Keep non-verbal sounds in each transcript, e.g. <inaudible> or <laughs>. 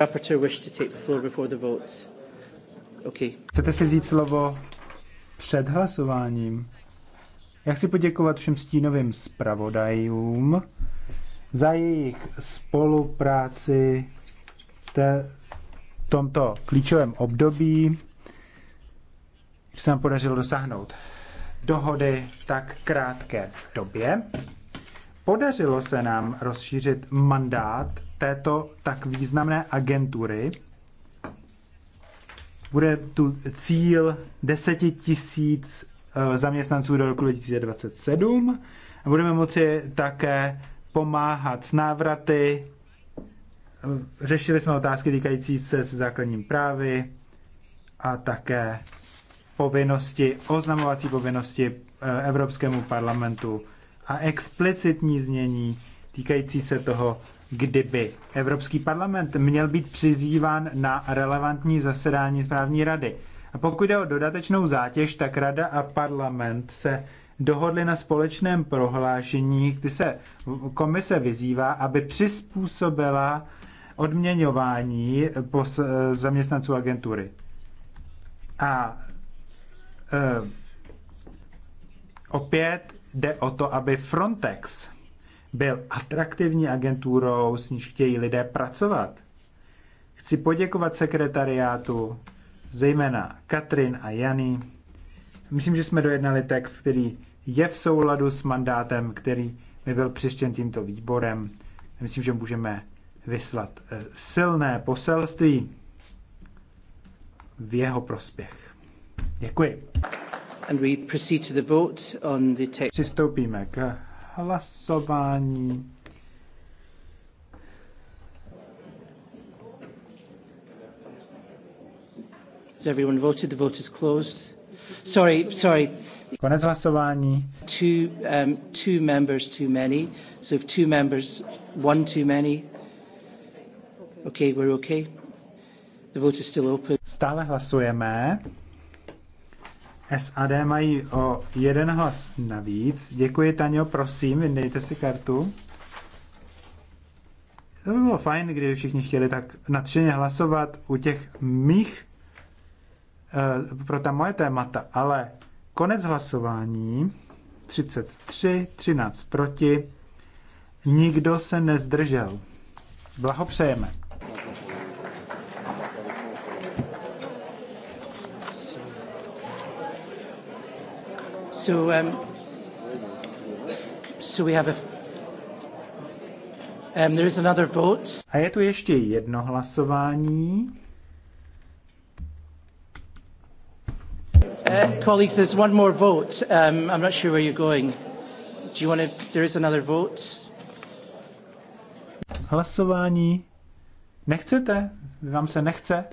Okay. Chcete si vzít slovo před hlasováním? Já chci poděkovat všem stínovým zpravodajům za jejich spolupráci v tomto klíčovém období, že se nám podařilo dosáhnout dohody v tak krátké době. Podařilo se nám rozšířit mandát této tak významné agentury. Bude tu cíl 10 tisíc eh, zaměstnanců do roku 2027 a budeme moci také pomáhat s návraty. Eh, řešili jsme otázky týkající se s základním právy a také povinnosti, oznamovací povinnosti eh, Evropskému parlamentu a explicitní znění týkající se toho, kdyby Evropský parlament měl být přizýván na relevantní zasedání správní rady. A pokud jde o dodatečnou zátěž, tak rada a parlament se dohodli na společném prohlášení, kdy se komise vyzývá, aby přizpůsobila odměňování zaměstnanců agentury. A e, opět jde o to, aby Frontex byl atraktivní agenturou, s níž chtějí lidé pracovat. Chci poděkovat sekretariátu, zejména Katrin a Jany. Myslím, že jsme dojednali text, který je v souladu s mandátem, který mi byl přištěn tímto výborem. Myslím, že můžeme vyslat eh, silné poselství v jeho prospěch. Děkuji. And we proceed to the vote on the Přistoupíme k hlasování. Has everyone voted? The vote is closed. Sorry, sorry. Konec hlasování. Two, um, two members too many. So if two members, one too many. Okay, we're okay. The vote is still open. Stále hlasujeme. SAD mají o jeden hlas navíc. Děkuji, Taňo, prosím, vyndejte si kartu. To by bylo fajn, kdyby všichni chtěli tak nadšeně hlasovat u těch mých uh, pro ta moje témata, ale konec hlasování 33, 13 proti, nikdo se nezdržel. Blahopřejeme. So, um, so we have a, um, there is another vote. A je tu ještě jedno hlasování. Uh, colleagues, there's one more vote. Um, I'm not sure where you're going. Do you want to? There is another vote. Hlasování. Nechcete? Vám se nechce?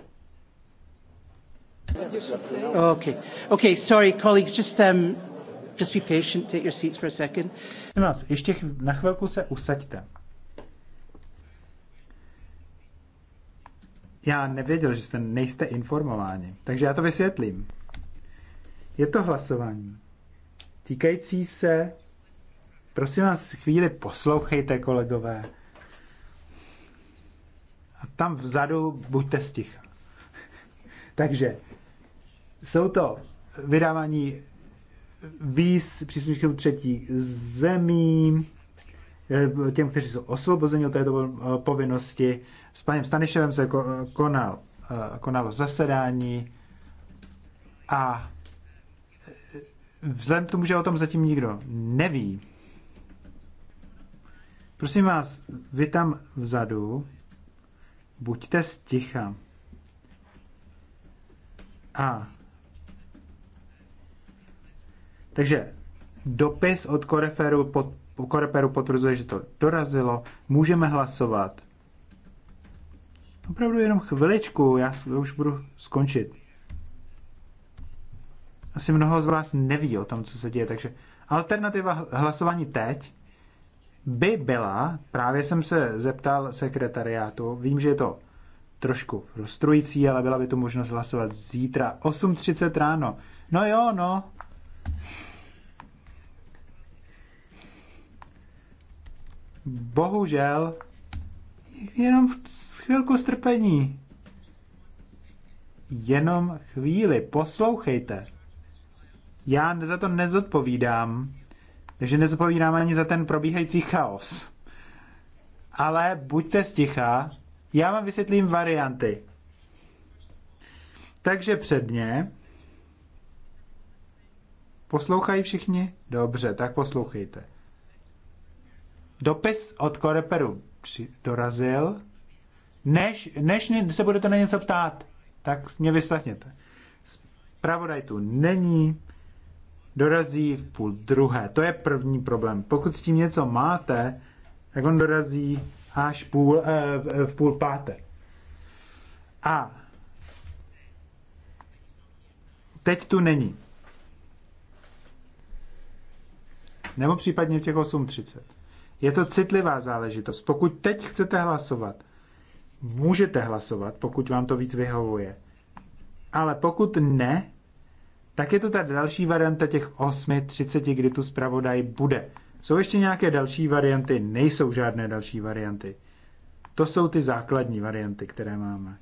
Okay. Okay, sorry, colleagues, just um, Just be patient, take your seats for a second. Vás, ještě na chvilku se usaďte. Já nevěděl, že jste nejste informováni, takže já to vysvětlím. Je to hlasování týkající se... Prosím vás, chvíli poslouchejte, kolegové. A tam vzadu buďte sticha. <laughs> takže jsou to vydávání víz příslušníkům třetí zemí, eh, těm, kteří jsou osvobozeni od této eh, povinnosti. S panem Staniševem se eh, konal, konalo zasedání a vzhledem k tomu, že o tom zatím nikdo neví, prosím vás, vy tam vzadu buďte sticha. A takže dopis od Koreferu, pod, Koreperu potvrzuje, že to dorazilo. Můžeme hlasovat. Opravdu jenom chviličku, já už budu skončit. Asi mnoho z vás neví o tom, co se děje, takže alternativa hlasování teď by byla, právě jsem se zeptal sekretariátu, vím, že je to trošku frustrující, ale byla by to možnost hlasovat zítra 8.30 ráno. No jo, no, Bohužel, jenom chvilku strpení. Jenom chvíli, poslouchejte. Já za to nezodpovídám, takže nezodpovídám ani za ten probíhající chaos. Ale buďte stichá, já vám vysvětlím varianty. Takže předně Poslouchají všichni? Dobře, tak poslouchejte. Dopis od Koreperu dorazil. Než, než se budete na něco ptát, tak mě vyslechněte. Pravodaj tu není, dorazí v půl druhé. To je první problém. Pokud s tím něco máte, tak on dorazí až půl, eh, v půl páté. A teď tu není. nebo případně v těch 8.30. Je to citlivá záležitost. Pokud teď chcete hlasovat, můžete hlasovat, pokud vám to víc vyhovuje. Ale pokud ne, tak je to ta další varianta těch 8.30, kdy tu zpravodaj bude. Jsou ještě nějaké další varianty? Nejsou žádné další varianty. To jsou ty základní varianty, které máme.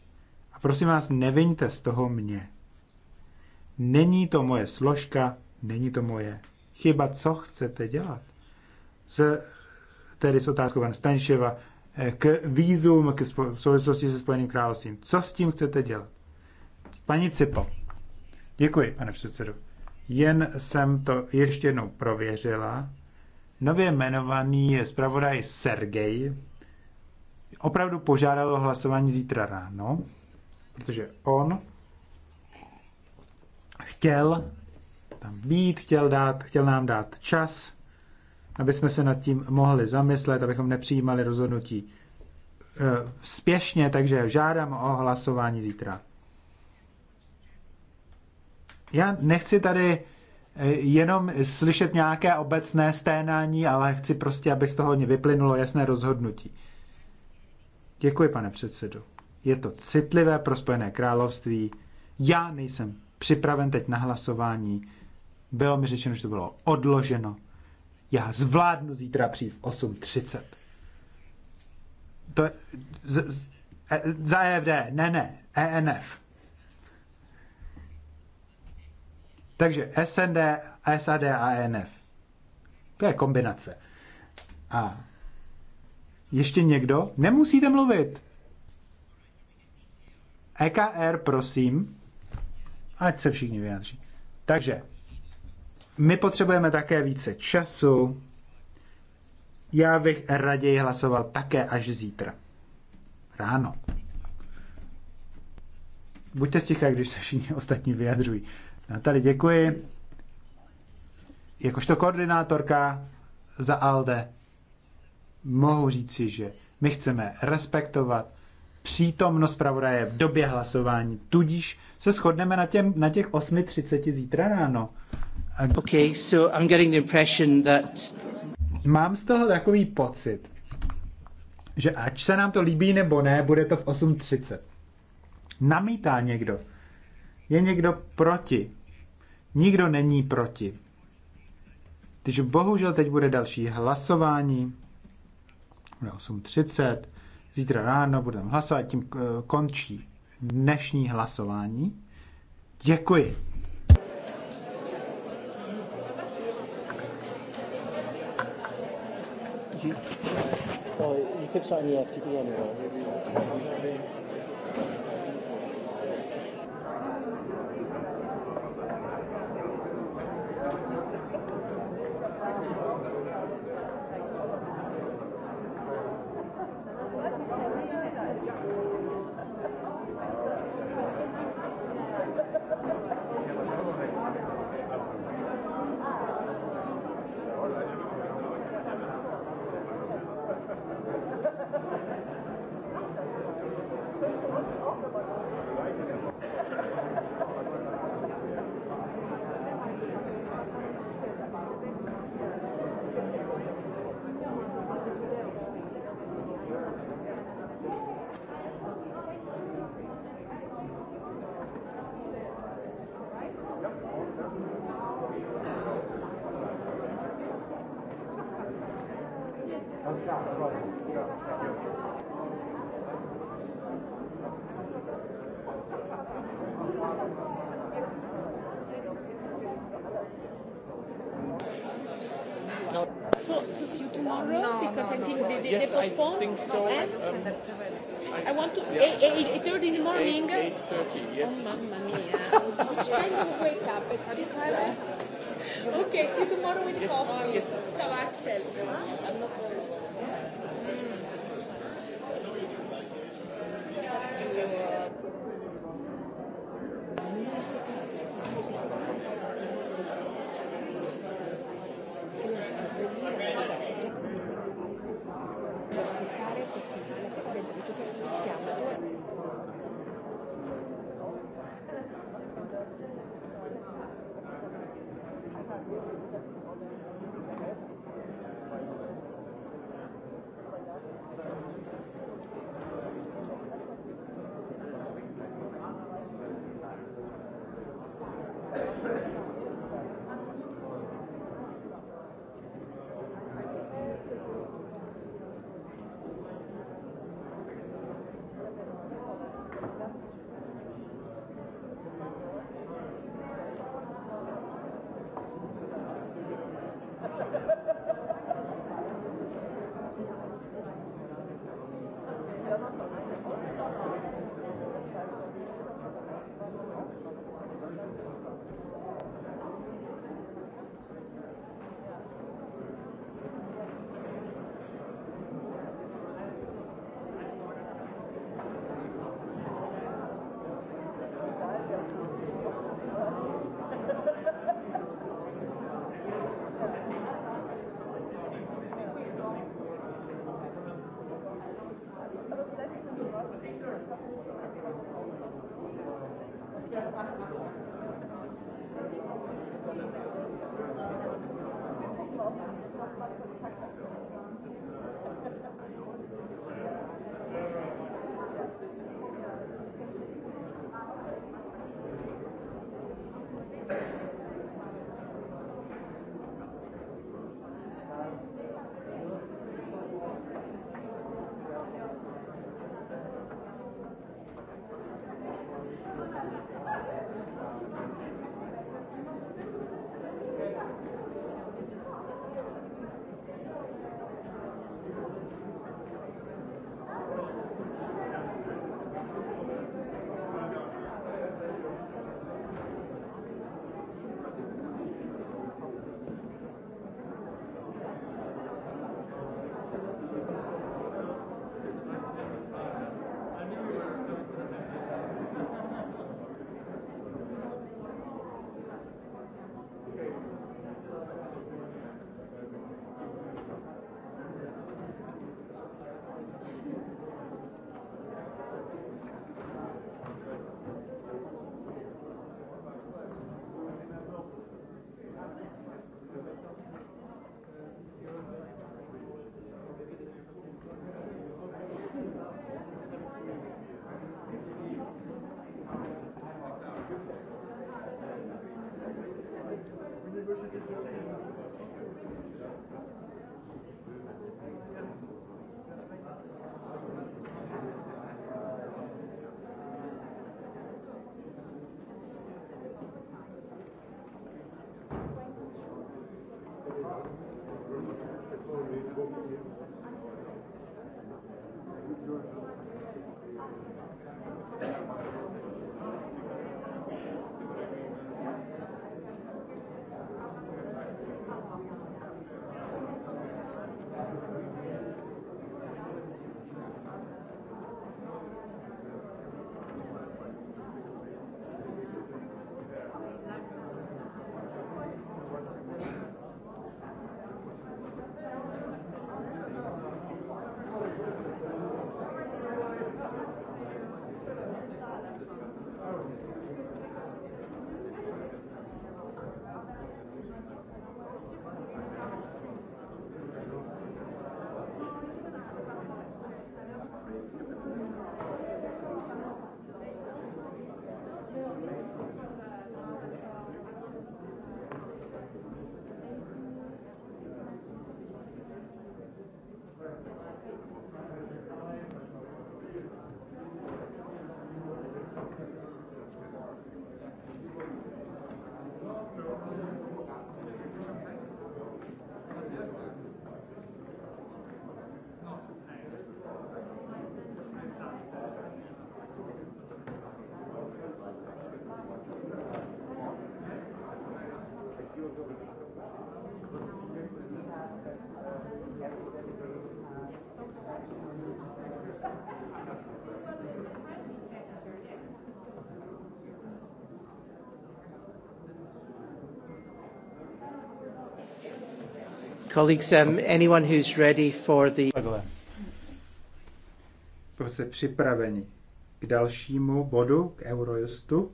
A prosím vás, neviňte z toho mě. Není to moje složka, není to moje chyba, co chcete dělat. S, tedy s otázkou pana Stanševa eh, k výzum, k v souvislosti se Spojeným královstvím. Co s tím chcete dělat? Paní Cipo. Děkuji, pane předsedu. Jen jsem to ještě jednou prověřila. Nově jmenovaný zpravodaj Sergej opravdu požádal o hlasování zítra ráno, protože on chtěl tam být, chtěl, dát, chtěl nám dát čas, aby jsme se nad tím mohli zamyslet, abychom nepřijímali rozhodnutí eh, spěšně, takže žádám o hlasování zítra. Já nechci tady eh, jenom slyšet nějaké obecné sténání, ale chci prostě, aby z toho vyplynulo jasné rozhodnutí. Děkuji, pane předsedu. Je to citlivé pro Spojené království. Já nejsem připraven teď na hlasování. Bylo mi řečeno, že to bylo odloženo. Já zvládnu zítra přijít v 8.30. To z, z, e, za EFD, ne, ne, ENF. Takže SND, SAD a ENF. To je kombinace. A ještě někdo? Nemusíte mluvit. EKR, prosím. Ať se všichni vyjádří. Takže my potřebujeme také více času. Já bych raději hlasoval také až zítra. Ráno. Buďte stichá, když se všichni <laughs> ostatní vyjadřují. Natali, děkuji. Jakožto koordinátorka za ALDE mohu říci, že my chceme respektovat přítomnost pravodaje v době hlasování, tudíž se shodneme na, těm, na těch 8.30 zítra ráno. Okay, so I'm getting the impression that... Mám z toho takový pocit, že ať se nám to líbí nebo ne, bude to v 8.30. Namítá někdo. Je někdo proti. Nikdo není proti. Takže bohužel teď bude další hlasování. Bude 8.30. Zítra ráno budeme hlasovat. Tím eh, končí dnešní hlasování. Děkuji. you? Well, you could sign the FTD anyway. postponed? I think so. Um, I, want to. Yeah. 8, 8, 8.30 in the morning? 8, 8.30, yes. Oh, mamma mia. Which kind of wake up at 6? Okay, see you tomorrow with yes. coffee. Yes. Ciao, Axel. Huh? I'm not Colleagues, um, anyone who's ready for the... Pokud připraveni k dalšímu bodu, k Eurojustu,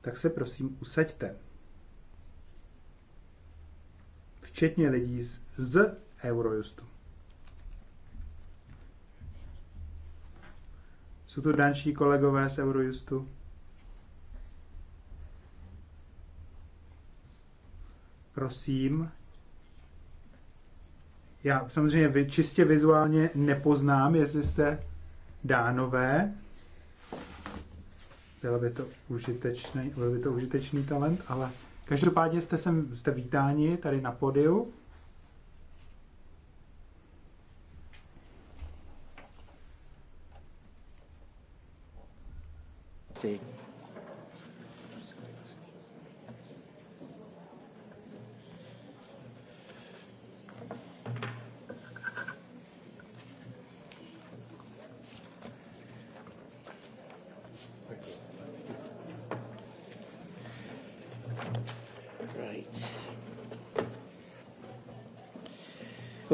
tak se prosím usaďte. Včetně lidí z, z Eurojustu. Jsou tu další kolegové z Eurojustu? Prosím, já samozřejmě čistě vizuálně nepoznám, jestli jste dánové. Bylo by to užitečný, bylo by to užitečný talent, ale každopádně jste, sem, jste vítáni tady na podiu. Sí.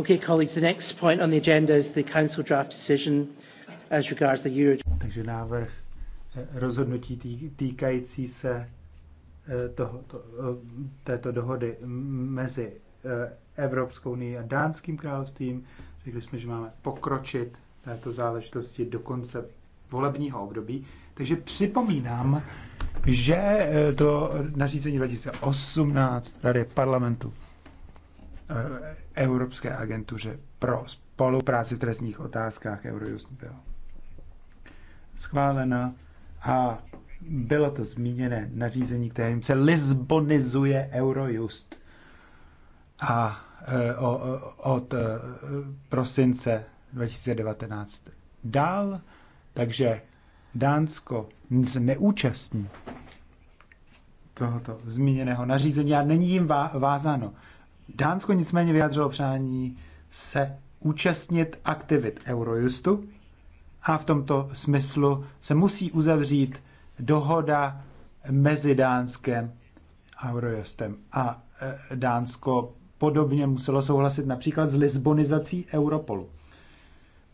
Okay, colleagues, the next point on the agenda is the council draft decision as regards the Euro... Takže návrh eh, rozhodnutí tý, týkající se eh, toho, to, eh, této dohody mezi Evropskou unii a Dánským královstvím. Řekli jsme, že máme pokročit této záležitosti do konce volebního období. Takže připomínám, že to nařízení 2018 Rady parlamentu Evropské agentuře pro spolupráci v trestních otázkách Eurojust byla schválena a bylo to zmíněné nařízení, kterým se lisbonizuje Eurojust a e, o, od e, prosince 2019 dál, takže Dánsko se neúčastní tohoto zmíněného nařízení a není jim vázáno. Dánsko nicméně vyjádřilo přání se účastnit aktivit Eurojustu a v tomto smyslu se musí uzavřít dohoda mezi Dánskem a Eurojustem. A e, Dánsko podobně muselo souhlasit například s lisbonizací Europolu.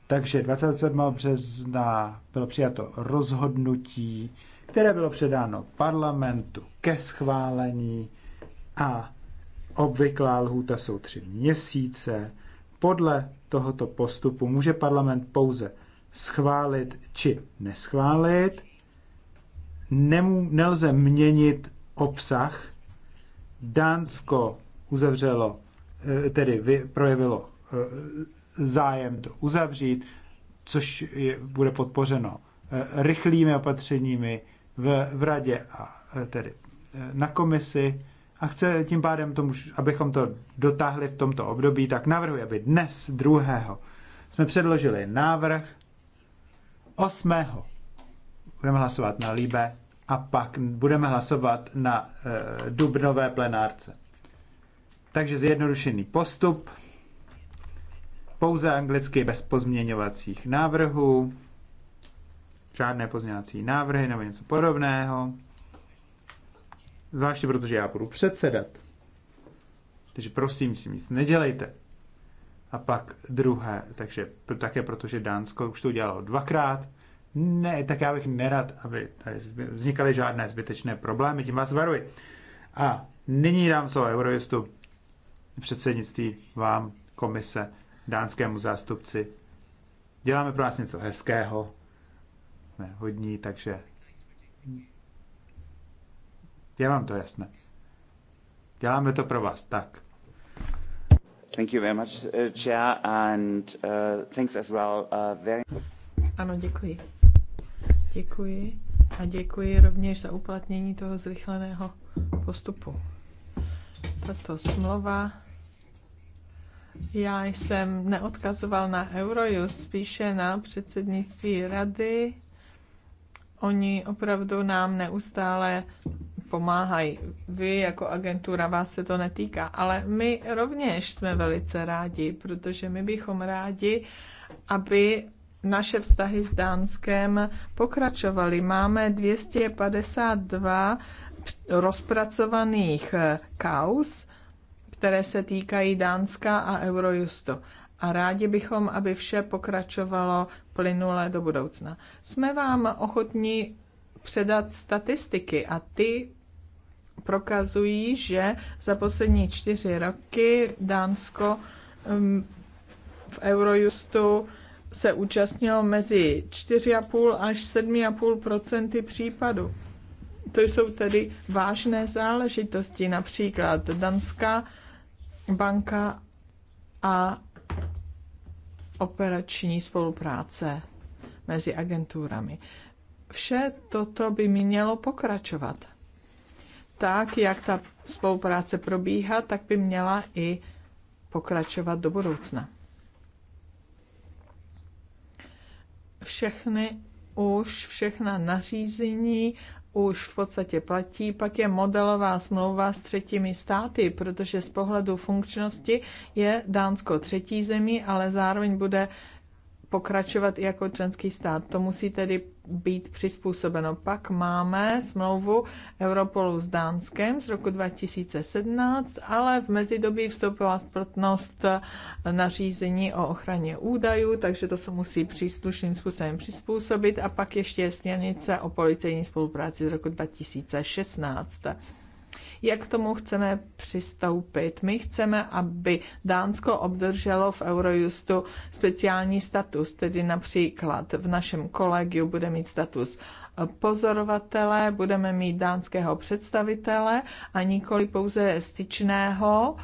Takže 27. března bylo přijato rozhodnutí, které bylo předáno parlamentu ke schválení a Obvyklá lhůta jsou tři měsíce. Podle tohoto postupu může parlament pouze schválit či neschválit. Nemů, nelze měnit obsah. Dánsko uzavřelo, eh, tedy vy, projevilo eh, zájem to uzavřít, což je, bude podpořeno eh, rychlými opatřeními v, v radě a tedy na komisi a chce tím pádem, tomu, abychom to dotáhli v tomto období, tak navrhuji, aby dnes druhého jsme předložili návrh 8. Budeme hlasovat na Líbe a pak budeme hlasovat na e, dubnové plenárce. Takže zjednodušený postup, pouze anglicky bez pozměňovacích návrhů, žádné pozměňovací návrhy nebo něco podobného. Zvláště protože já budu předsedat. Takže prosím si nic nedělejte. A pak druhé, takže také protože Dánsko už to udělalo dvakrát, ne, tak já bych nerad, aby tady vznikaly žádné zbytečné problémy, tím vás varuji. A nyní dám slovo Eurojustu, předsednictví vám, komise, dánskému zástupci. Děláme pro vás něco hezkého, ne, hodní, takže je vám to jasné. Děláme to pro vás, tak. Thank you very much, uh, Chair, and uh, thanks as well. Uh, very... Ano, děkuji. Děkuji a děkuji rovněž za uplatnění toho zrychleného postupu. Tato smlouva já jsem neodkazoval na Eurojus, spíše na předsednictví rady. Oni opravdu nám neustále pomáhají. Vy jako agentura vás se to netýká, ale my rovněž jsme velice rádi, protože my bychom rádi, aby naše vztahy s Dánskem pokračovaly. Máme 252 rozpracovaných eh, kaus, které se týkají Dánska a Eurojustu. A rádi bychom, aby vše pokračovalo plynule do budoucna. Jsme vám ochotní předat statistiky a ty prokazují, že za poslední čtyři roky Dánsko um, v Eurojustu se účastnilo mezi 4,5 až 7,5 případů. To jsou tedy vážné záležitosti, například Danská banka a operační spolupráce mezi agenturami. Vše toto by mělo pokračovat tak, jak ta spolupráce probíhá, tak by měla i pokračovat do budoucna. Všechny už, všechna nařízení už v podstatě platí. Pak je modelová smlouva s třetími státy, protože z pohledu funkčnosti je Dánsko třetí zemí, ale zároveň bude pokračovat i jako členský stát. To musí tedy být přizpůsobeno. Pak máme smlouvu Europolu s Dánskem z roku 2017, ale v mezidobí vstoupila v platnost nařízení o ochraně údajů, takže to se musí příslušným způsobem přizpůsobit. A pak ještě je směrnice o policejní spolupráci z roku 2016 jak k tomu chceme přistoupit. My chceme, aby Dánsko obdrželo v Eurojustu speciální status, tedy například v našem kolegiu bude mít status pozorovatele, budeme mít dánského představitele a nikoli pouze styčného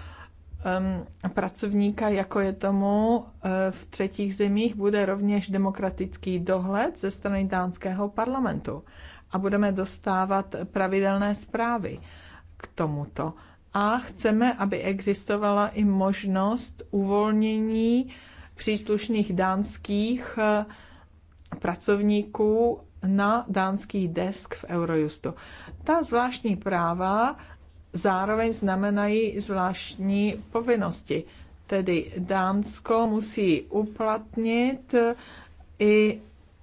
um, pracovníka, jako je tomu uh, v třetích zemích, bude rovněž demokratický dohled ze strany dánského parlamentu a budeme dostávat pravidelné zprávy k tomuto. A chceme, aby existovala i možnost uvolnění příslušných dánských eh, pracovníků na dánský desk v Eurojustu. Ta zvláštní práva zároveň znamenají zvláštní povinnosti. Tedy Dánsko musí uplatnit eh, i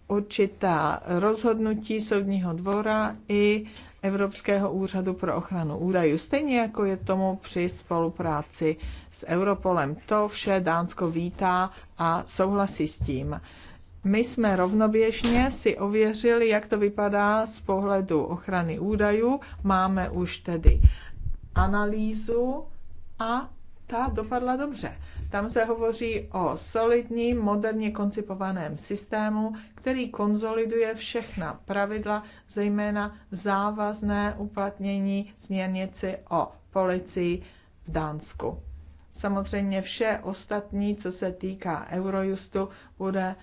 určitá rozhodnutí soudního dvora i Evropského úřadu pro ochranu údajů, stejně jako je tomu při spolupráci s Europolem. To vše Dánsko vítá a souhlasí s tím. My jsme rovnoběžně si ověřili, jak to vypadá z pohledu ochrany údajů. Máme už tedy analýzu a ta dopadla dobře. Tam se hovoří o solidním, moderně koncipovaném systému, který konzoliduje všechna pravidla, zejména závazné uplatnění směrnici o policii v Dánsku. Samozřejmě vše ostatní, co se týká Eurojustu, bude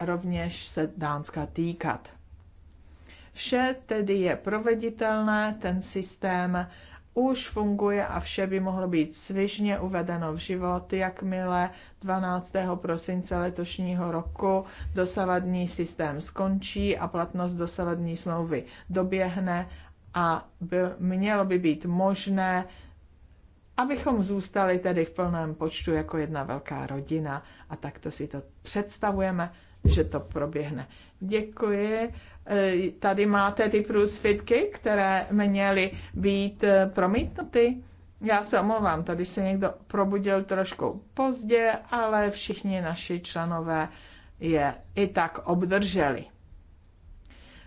rovněž se Dánska týkat. Vše tedy je proveditelné, ten systém už funguje a vše by mohlo být svižně uvedeno v život, jakmile 12. prosince letošního roku dosavadní systém skončí a platnost dosavadní smlouvy doběhne a byl, mělo by být možné, abychom zůstali tedy v plném počtu jako jedna velká rodina a takto si to představujeme, že to proběhne. Děkuji Eh, tady máte ty průsvitky, které měly být eh, promítnuty. Já se omlouvám, tady se někdo probudil trošku pozdě, ale všichni naši členové je i tak obdrželi.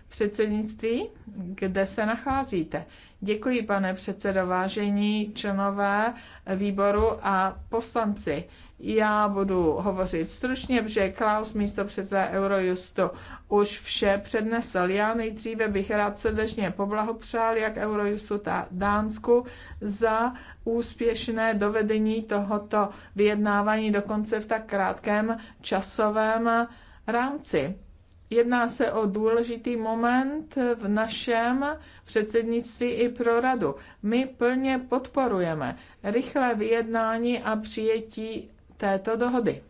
Předsednictví, kde se nacházíte? Děkuji, pane předsedo, vážení členové výboru a poslanci. Já budu hovořit stručně, protože Klaus místo předseda Eurojustu už vše přednesl. Já nejdříve bych rád srdečně poblahopřál jak Eurojustu, tak Dánsku za úspěšné dovedení tohoto vyjednávání dokonce v tak krátkém časovém rámci. Jedná se o důležitý moment v našem předsednictví i pro radu. My plně podporujeme rychlé vyjednání a přijetí této dohody.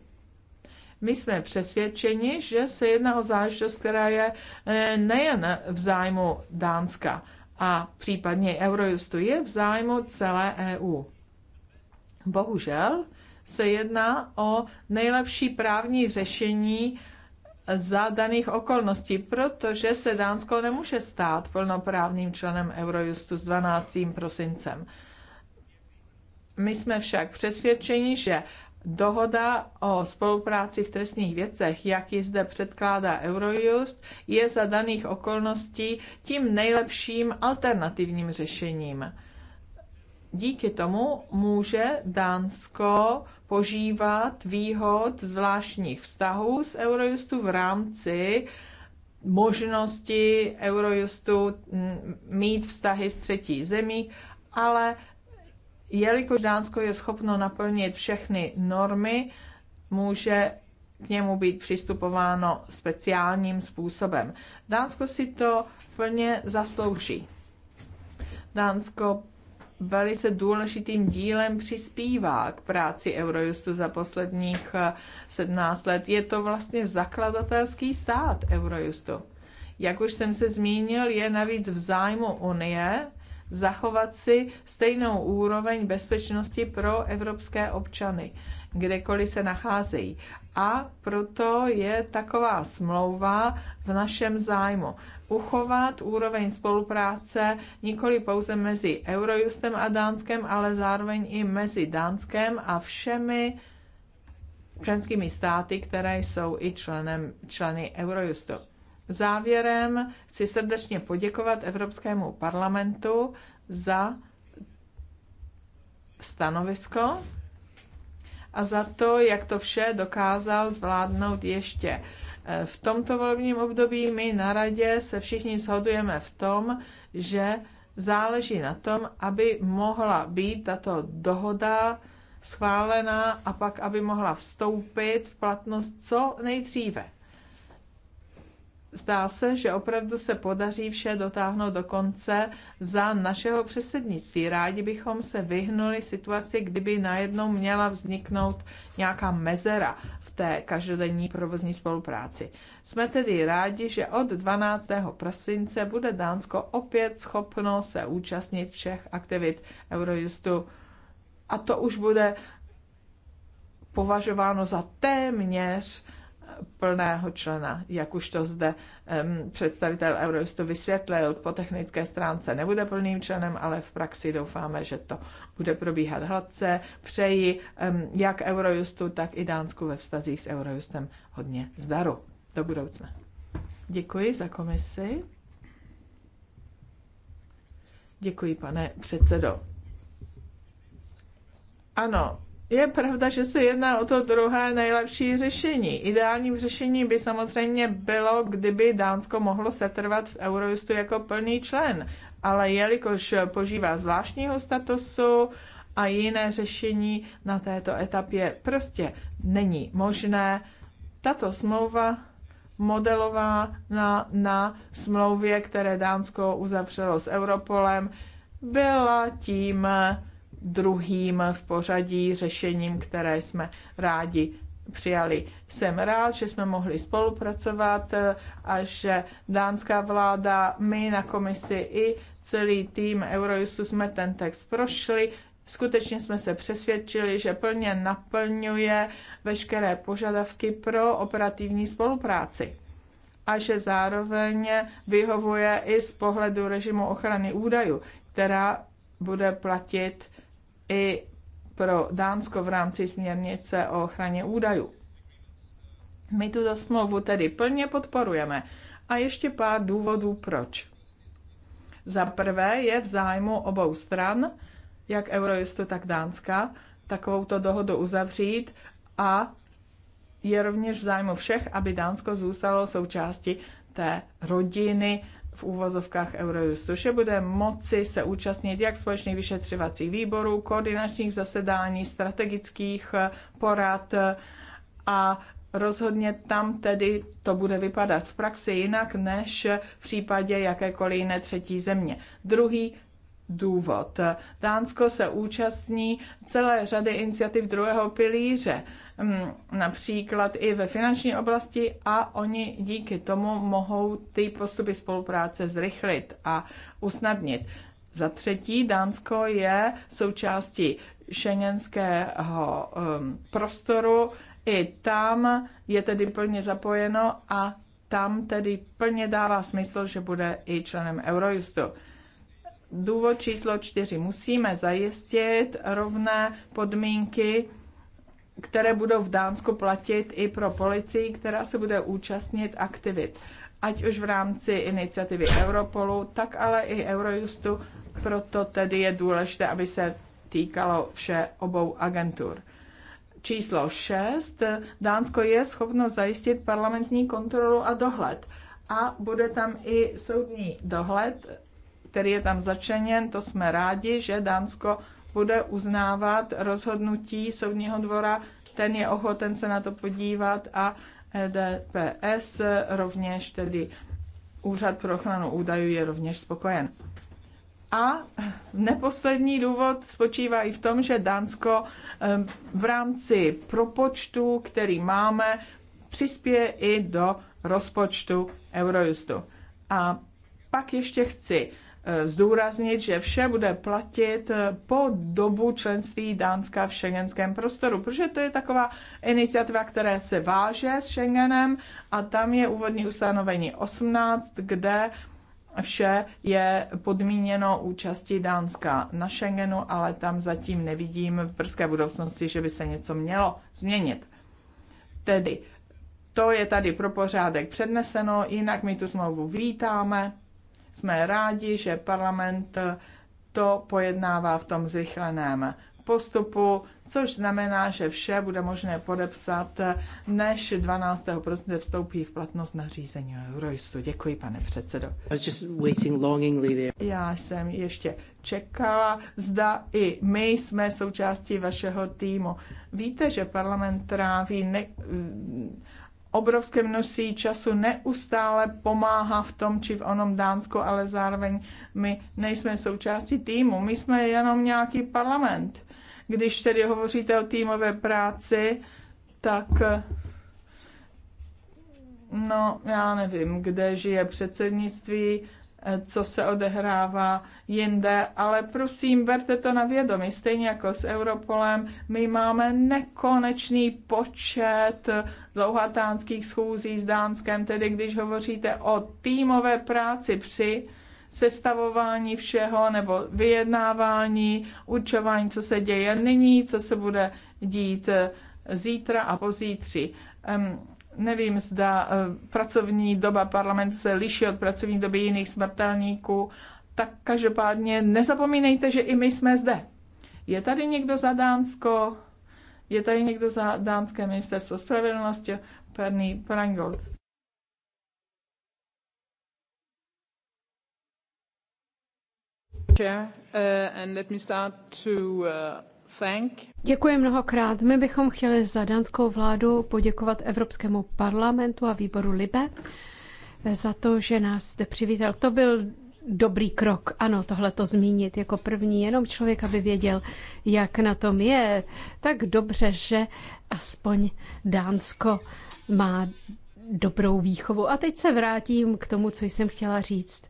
My jsme přesvědčeni, že se jedná o záležitost, která je eh, nejen v zájmu Dánska a případně Eurojustu, je v zájmu celé EU. Bohužel se jedná o nejlepší právní řešení za daných okolností, protože se Dánsko nemůže stát plnoprávným členem Eurojustu s 12. prosincem. My jsme však přesvědčeni, že Dohoda o spolupráci v trestních věcech, jak ji zde předkládá Eurojust, je za daných okolností tím nejlepším alternativním řešením. Díky tomu může Dánsko požívat výhod zvláštních vztahů s Eurojustu v rámci možnosti Eurojustu mm, mít vztahy s třetí zemí, ale jelikož Dánsko je schopno naplnit všechny normy, může k němu být přistupováno speciálním způsobem. Dánsko si to plně zaslouží. Dánsko velice důležitým dílem přispívá k práci Eurojustu za posledních 17 eh, let. Je to vlastně zakladatelský stát Eurojustu. Jak už jsem se zmínil, je navíc v zájmu Unie, zachovat si stejnou úroveň bezpečnosti pro evropské občany, kdekoliv se nacházejí. A proto je taková smlouva v našem zájmu. Uchovat úroveň spolupráce nikoli pouze mezi Eurojustem a Dánskem, ale zároveň i mezi Dánskem a všemi členskými státy, které jsou i členem, členy Eurojustu Závěrem chci srdečně poděkovat Evropskému parlamentu za stanovisko a za to, jak to vše dokázal zvládnout ještě eh, v tomto volebním období. My na radě se všichni shodujeme v tom, že záleží na tom, aby mohla být tato dohoda schválená a pak, aby mohla vstoupit v platnost co nejdříve. Zdá se, že opravdu se podaří vše dotáhnout do konce za našeho předsednictví. Rádi bychom se vyhnuli situaci, kdyby najednou měla vzniknout nějaká mezera v té každodenní provozní spolupráci. Jsme tedy rádi, že od 12. prosince bude Dánsko opět schopno se účastnit všech aktivit Eurojustu. A to už bude považováno za téměř plného člena, jak už to zde um, představitel Eurojustu vysvětlil, po technické stránce nebude plným členem, ale v praxi doufáme, že to bude probíhat hladce. Přeji um, jak Eurojustu, tak i Dánsku ve vztazích s Eurojustem hodně zdaru do budoucna. Děkuji za komisi. Děkuji, pane předsedo. Ano, je pravda, že se jedná o to druhé nejlepší řešení. Ideálním řešením by samozřejmě bylo, kdyby Dánsko mohlo setrvat v Eurojustu jako plný člen, ale jelikož požívá zvláštního statusu a jiné řešení na této etapě prostě není možné, tato smlouva modelová na, na smlouvě, které Dánsko uzavřelo s Europolem, byla tím druhým v pořadí řešením, které jsme rádi přijali. Jsem rád, že jsme mohli spolupracovat eh, a že dánská vláda, my na komisi i celý tým Eurojustu jsme ten text prošli. Skutečně jsme se přesvědčili, že plně naplňuje veškeré požadavky pro operativní spolupráci a že zároveň vyhovuje i z pohledu režimu ochrany údajů, která bude platit i pro Dánsko v rámci směrnice o ochraně údajů. My tuto smlouvu tedy plně podporujeme. A ještě pár důvodů proč. Za prvé je v zájmu obou stran, jak Eurojustu, tak Dánska, takovouto dohodu uzavřít a je rovněž v zájmu všech, aby Dánsko zůstalo součástí té rodiny v úvozovkách Eurojustu, že bude moci se účastnit jak společných vyšetřovacích výborů, koordinačních zasedání, strategických eh, porad eh, a rozhodně tam tedy to bude vypadat v praxi jinak než v případě jakékoliv jiné třetí země. Druhý důvod. Dánsko se účastní celé řady iniciativ druhého pilíře, mm, například i ve finanční oblasti a oni díky tomu mohou ty postupy spolupráce zrychlit a usnadnit. Za třetí, Dánsko je součástí šengenského mm, prostoru, i tam je tedy plně zapojeno a tam tedy plně dává smysl, že bude i členem Eurojustu. Důvod číslo čtyři. Musíme zajistit rovné podmínky, které budou v Dánsku platit i pro policii, která se bude účastnit aktivit. Ať už v rámci iniciativy Europolu, tak ale i Eurojustu. Proto tedy je důležité, aby se týkalo vše obou agentur. Číslo 6. Dánsko je schopno zajistit parlamentní kontrolu a dohled. A bude tam i soudní dohled který je tam začleněn. To jsme rádi, že Dánsko bude uznávat rozhodnutí soudního dvora, ten je ochoten se na to podívat a EDPS rovněž, tedy Úřad pro ochranu údajů je rovněž spokojen. A neposlední důvod spočívá i v tom, že Dánsko v rámci propočtu, který máme, přispěje i do rozpočtu Eurojustu. A pak ještě chci Eh, zdůraznit, že vše bude platit eh, po dobu členství Dánska v šengenském prostoru, protože to je taková iniciativa, která se váže s Schengenem a tam je úvodní ustanovení 18, kde vše je podmíněno účastí Dánska na Schengenu, ale tam zatím nevidím v brzké budoucnosti, že by se něco mělo změnit. Tedy to je tady pro pořádek předneseno, jinak my tu smlouvu vítáme jsme rádi, že parlament to pojednává v tom zrychleném postupu, což znamená, že vše bude možné podepsat, než 12. prosince vstoupí v platnost nařízení Eurojustu. Děkuji, pane předsedo. Já jsem ještě čekala, zda i my jsme součástí vašeho týmu. Víte, že parlament tráví ne- obrovské množství času neustále pomáhá v tom či v onom Dánsku, ale zároveň my nejsme součástí týmu, my jsme jenom nějaký parlament. Když tedy hovoříte o týmové práci, tak eh, no já nevím, kde žije předsednictví, co se odehrává jinde, ale prosím, berte to na vědomí. Stejně jako s Europolem, my máme nekonečný počet dlouhatánských schůzí s Dánskem, tedy když hovoříte o týmové práci při sestavování všeho nebo vyjednávání, určování, co se děje nyní, co se bude dít zítra a pozítří. Nevím, zda eh, pracovní doba parlamentu se liší od pracovní doby jiných smrtelníků, tak každopádně nezapomínejte, že i my jsme zde. Je tady někdo za Dánsko? Je tady někdo za Dánské ministerstvo spravedlnosti? Perný Prangol. Chair, uh, and let me start to uh, Děkuji mnohokrát. My bychom chtěli za dánskou vládu poděkovat Evropskému parlamentu a výboru LIBE za to, že nás zde přivítal. To byl dobrý krok, ano, tohle to zmínit jako první, jenom člověk, aby věděl, jak na tom je. Tak dobře, že aspoň Dánsko má dobrou výchovu. A teď se vrátím k tomu, co jsem chtěla říct.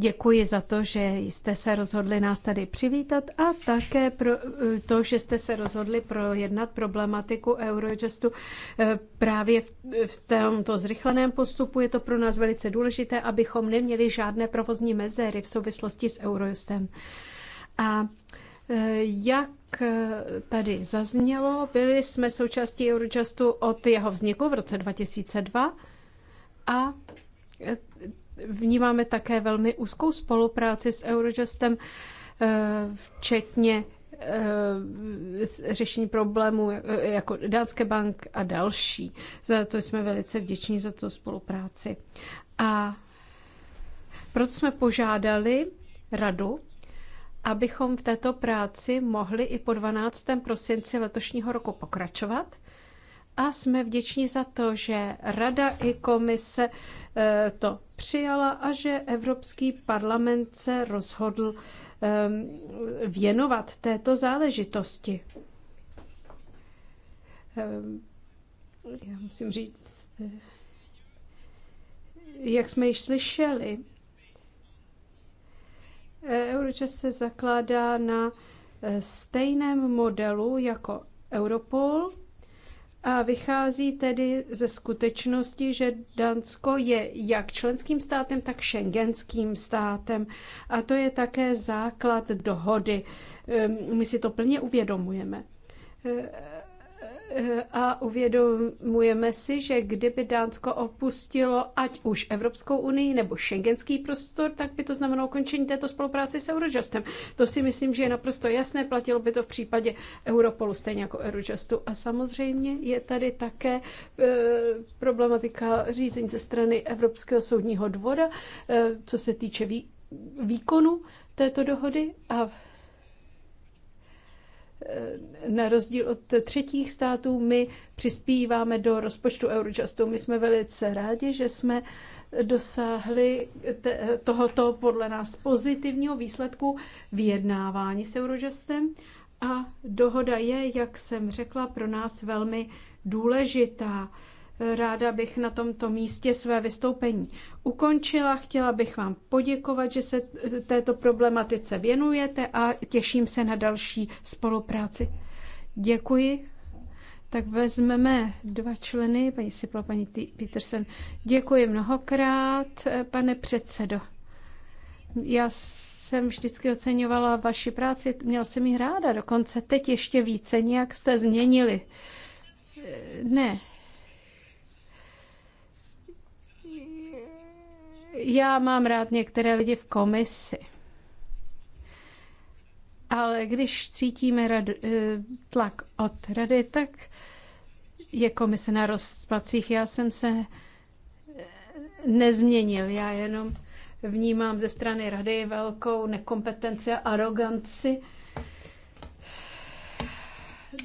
Děkuji za to, že jste se rozhodli nás tady přivítat a také pro eh, to, že jste se rozhodli projednat problematiku Eurojustu eh, právě v tomto zrychleném postupu. Je to pro nás velice důležité, abychom neměli žádné provozní mezery v souvislosti s Eurojustem. A eh, jak tady zaznělo, byli jsme součástí Eurojustu od jeho vzniku v roce 2002 a Vnímáme také velmi úzkou spolupráci s Eurojustem, eh, včetně eh, řešení problémů eh, jako Dánské bank a další. Za to jsme velice vděční za tu spolupráci. A proto jsme požádali radu, abychom v této práci mohli i po 12. prosinci letošního roku pokračovat – a jsme vděční za to, že Rada i komise eh, to přijala a že Evropský parlament se rozhodl eh, věnovat této záležitosti. Eh, já musím říct, jak jsme již slyšeli, Eurojust se zakládá na stejném modelu jako Europol, a vychází tedy ze skutečnosti, že Dánsko je jak členským státem, tak šengenským státem. A to je také základ dohody. Ehm, my si to plně uvědomujeme. Ehm, a uvědomujeme si, že kdyby Dánsko opustilo ať už Evropskou unii nebo šengenský prostor, tak by to znamenalo ukončení této spolupráce s Eurojustem. To si myslím, že je naprosto jasné, platilo by to v případě Europolu stejně jako Eurojustu. A samozřejmě je tady také e, problematika řízení ze strany Evropského soudního dvora, e, co se týče vý, výkonu této dohody a Eh, na rozdíl od třetích států, my přispíváme do rozpočtu Eurojustu. My jsme velice rádi, že jsme dosáhli tohoto podle nás pozitivního výsledku vyjednávání s Eurojustem a dohoda je, jak jsem řekla, pro nás velmi důležitá. Ráda bych na tomto místě své vystoupení ukončila. Chtěla bych vám poděkovat, že se této problematice věnujete a těším se na další spolupráci. Děkuji. Tak vezmeme dva členy, paní Sipla, paní Peterson. Děkuji mnohokrát, pane předsedo. Já jsem vždycky oceňovala vaši práci, měl jsem ji ráda, dokonce teď ještě více, nějak jste změnili. Ne, já mám rád některé lidi v komisi, ale když cítíme rad, eh, tlak od rady, tak je komise na rozpacích. Já jsem se eh, nezměnil, já jenom vnímám ze strany rady velkou nekompetenci a aroganci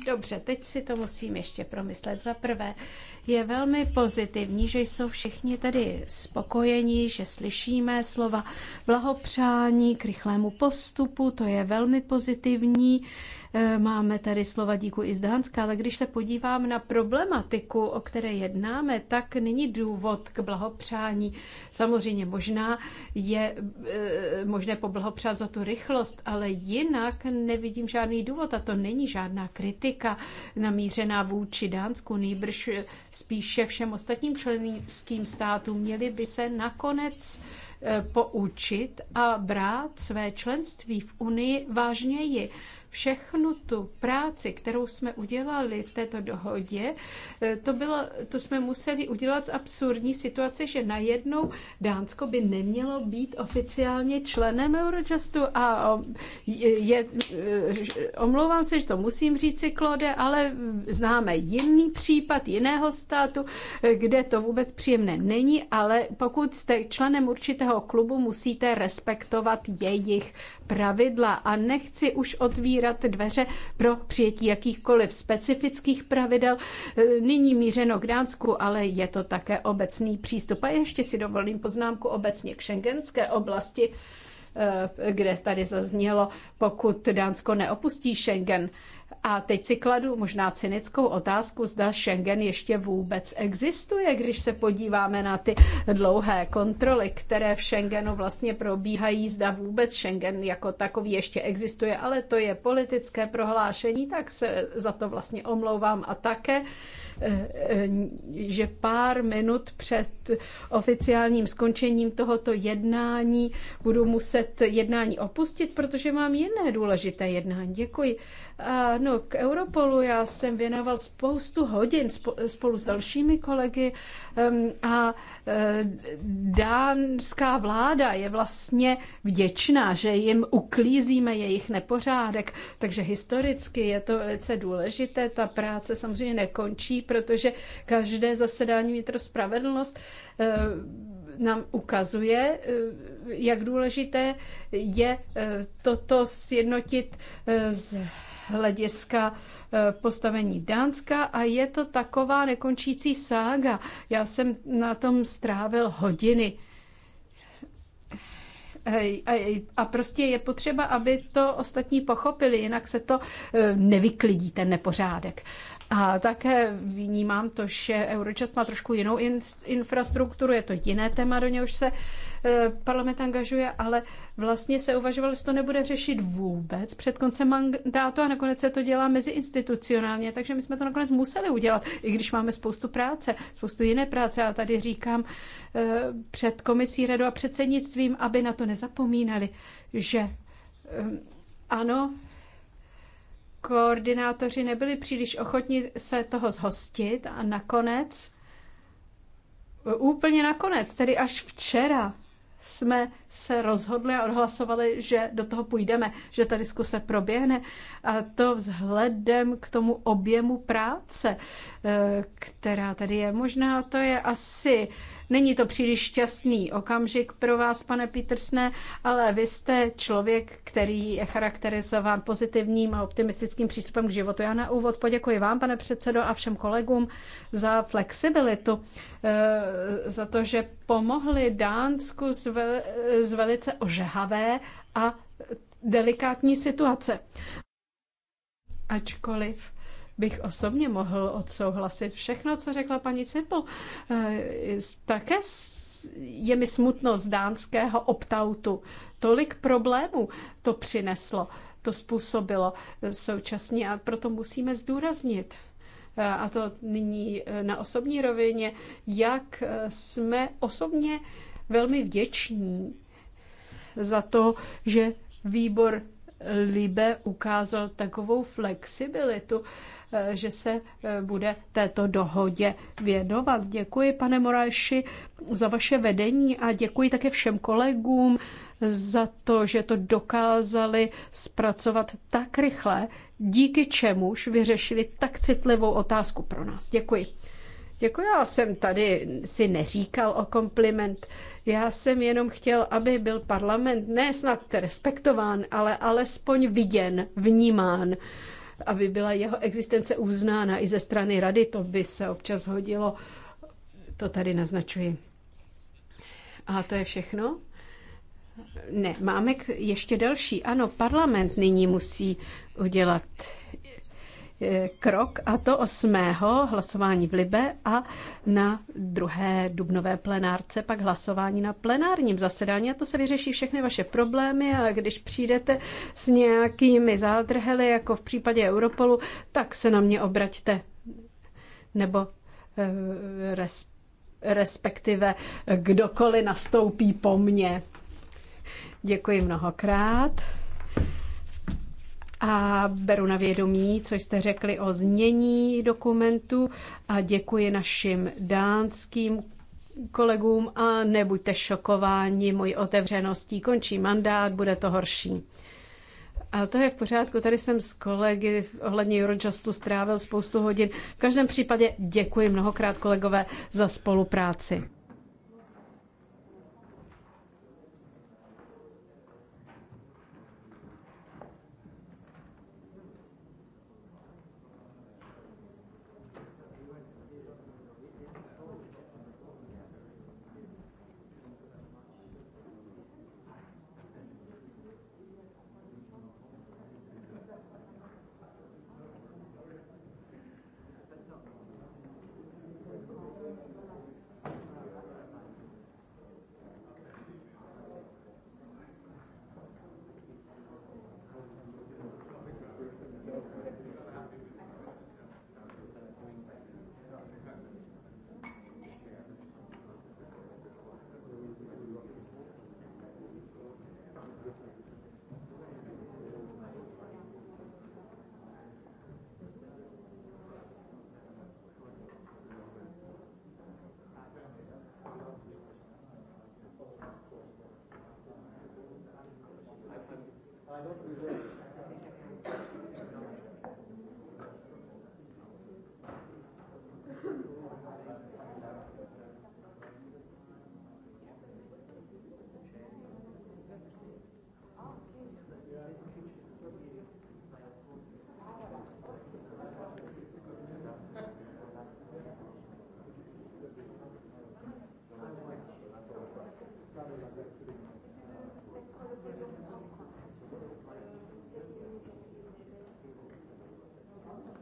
Dobře, teď si to musím ještě promyslet. Za prvé, je velmi pozitivní, že jsou všichni tady spokojení, že slyšíme slova blahopřání k rychlému postupu, to je velmi pozitivní. Eh, máme tady slova díku i z Dánska, ale když se podívám na problematiku, o které jednáme, tak není důvod k blahopřání. Samozřejmě možná je eh, možné poblahopřát za tu rychlost, ale jinak nevidím žádný důvod a to není žádná kritika namířená vůči Dánsku, nejbrž spíše všem ostatním členským státům. Měli by se nakonec eh, poučit a brát své členství v Unii vážněji všechnu tu práci, kterou jsme udělali v této dohodě, eh, to, bylo, to jsme museli udělat z absurdní situace, že najednou Dánsko by nemělo být oficiálně členem Eurojustu a je, eh, omlouvám se, že to musím si, Klode, ale známe jiný případ jiného státu, eh, kde to vůbec příjemné není, ale pokud jste členem určitého klubu, musíte respektovat jejich pravidla a nechci už otvírat otevírat dveře pro přijetí jakýchkoliv specifických pravidel. E, Nyní mířeno k Dánsku, ale je to také obecný přístup. A ještě si dovolím poznámku obecně k šengenské oblasti e, kde tady zaznělo, pokud Dánsko neopustí Schengen, a teď si kladu možná cynickou otázku, zda Schengen ještě vůbec existuje, když se podíváme na ty dlouhé kontroly, které v Schengenu vlastně probíhají, zda vůbec Schengen jako takový ještě existuje, ale to je politické prohlášení, tak se za to vlastně omlouvám a také že pár minut před oficiálním skončením tohoto jednání budu muset jednání opustit, protože mám jiné důležité jednání. Děkuji. No, k Europolu já jsem věnoval spoustu hodin spolu s dalšími kolegy um, a Eh, dánská vláda je vlastně vděčná, že jim uklízíme jejich nepořádek, takže historicky je to velice důležité. Ta práce samozřejmě nekončí, protože každé zasedání vnitro spravedlnost eh, nám ukazuje, eh, jak důležité je toto sjednotit z hlediska Eh, postavení Dánska a je to taková nekončící sága. Já jsem na tom strávil hodiny. A prostě je potřeba, aby to ostatní pochopili, jinak se to eh, nevyklidí, ten nepořádek. A také vnímám to, že Eurojust má trošku jinou in- infrastrukturu, je to jiné téma, do něhož se Eh, parlament angažuje, ale vlastně se uvažovalo, že to nebude řešit vůbec před koncem mandátu a nakonec se to dělá meziinstitucionálně, takže my jsme to nakonec museli udělat, i když máme spoustu práce, spoustu jiné práce a tady říkám eh, před komisí radu a předsednictvím, aby na to nezapomínali, že eh, ano, koordinátoři nebyli příliš ochotni se toho zhostit a nakonec, úplně nakonec, tedy až včera, jsme se rozhodli a odhlasovali, že do toho půjdeme, že ta diskuse proběhne. A to vzhledem k tomu objemu práce, eh, která tady je možná, to je asi Není to příliš šťastný okamžik pro vás, pane Petersne, ale vy jste člověk, který je charakterizován pozitivním a optimistickým přístupem k životu. Já na úvod poděkuji vám, pane předsedo, a všem kolegům za flexibilitu, eh, za to, že pomohli Dánsku z, z velice ožehavé a delikátní situace. Ačkoliv bych osobně mohl odsouhlasit všechno, co řekla paní Cipl. Eh, také je mi smutno z dánského optautu. Tolik problémů to přineslo, to způsobilo eh, současně a proto musíme zdůraznit, eh, a to nyní na osobní rovině, jak jsme osobně velmi vděční za to, že výbor Libe ukázal takovou flexibilitu Eh, že se eh, bude této dohodě věnovat. Děkuji, pane Morajši, za vaše vedení a děkuji také všem kolegům za to, že to dokázali zpracovat tak rychle, díky čemuž vyřešili tak citlivou otázku pro nás. Děkuji. Děkuji, já jsem tady si neříkal o kompliment. Já jsem jenom chtěl, aby byl parlament ne snad respektován, ale alespoň viděn, vnímán aby byla jeho existence uznána i ze strany rady. To by se občas hodilo, to tady naznačuji. A to je všechno? Ne, máme ještě další. Ano, parlament nyní musí udělat krok a to 8. hlasování v Libe a na druhé dubnové plenárce pak hlasování na plenárním zasedání a to se vyřeší všechny vaše problémy a když přijdete s nějakými zádrhely, jako v případě Europolu, tak se na mě obraťte nebo eh, res, respektive kdokoliv nastoupí po mně. Děkuji mnohokrát a beru na vědomí, co jste řekli o znění dokumentu a děkuji našim dánským kolegům a nebuďte šokováni mojí otevřeností. Končí mandát, bude to horší. A to je v pořádku. Tady jsem s kolegy ohledně Eurojustu strávil spoustu hodin. V každém případě děkuji mnohokrát kolegové za spolupráci. Thank you.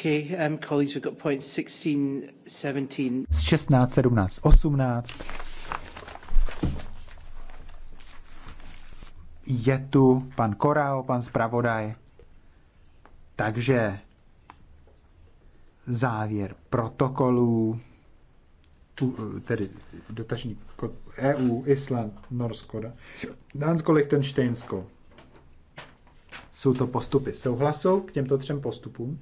Okay, um, colleagues, we've got points 16, 17. Z 16, 17, 18. Je tu pan Korao, pan zpravodaj. Takže závěr protokolů, tedy dotační EU, Island, Norsko, Dánsko, Lichtensteinsko. Jsou to postupy souhlasu k těmto třem postupům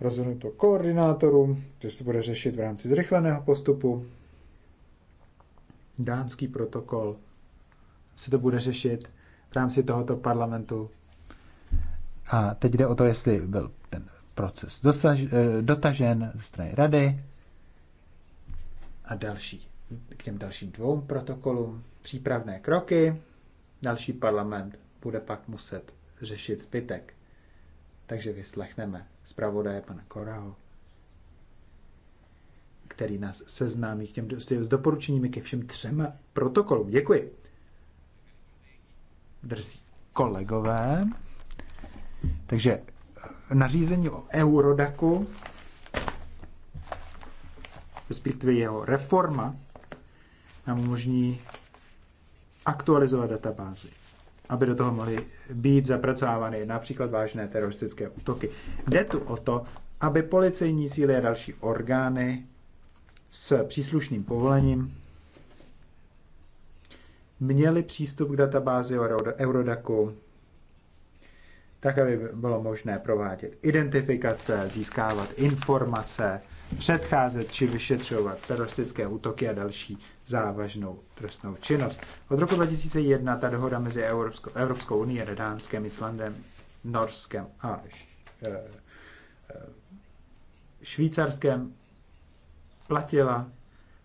rozhodnuto koordinátoru, že se bude řešit v rámci zrychleného postupu. Dánský protokol se to bude řešit v rámci tohoto parlamentu. A teď jde o to, jestli byl ten proces dosaž, eh, dotažen ze strany rady a další, k těm dalším dvou protokolům přípravné kroky. Další parlament bude pak muset řešit zbytek. Takže vyslechneme zpravodaje pana Koraho, který nás seznámí k těm, s doporučeními ke všem třema protokolům. Děkuji. Drzí kolegové. Takže eh, nařízení o Eurodaku, respektive jeho reforma, nám umožní aktualizovat databázy aby do toho mohly být zapracovány například vážné teroristické útoky. Jde tu o to, aby policejní síly a další orgány s příslušným povolením měli přístup k databázi Eurodaku, tak aby bylo možné provádět identifikace, získávat informace, předcházet či vyšetřovat teroristické útoky a další závažnou trestnou činnost. Od roku 2001 ta dohoda mezi Evropskou, Evropskou unii a Dánskem, Islandem, Norskem a eh, eh, Švýcarskem platila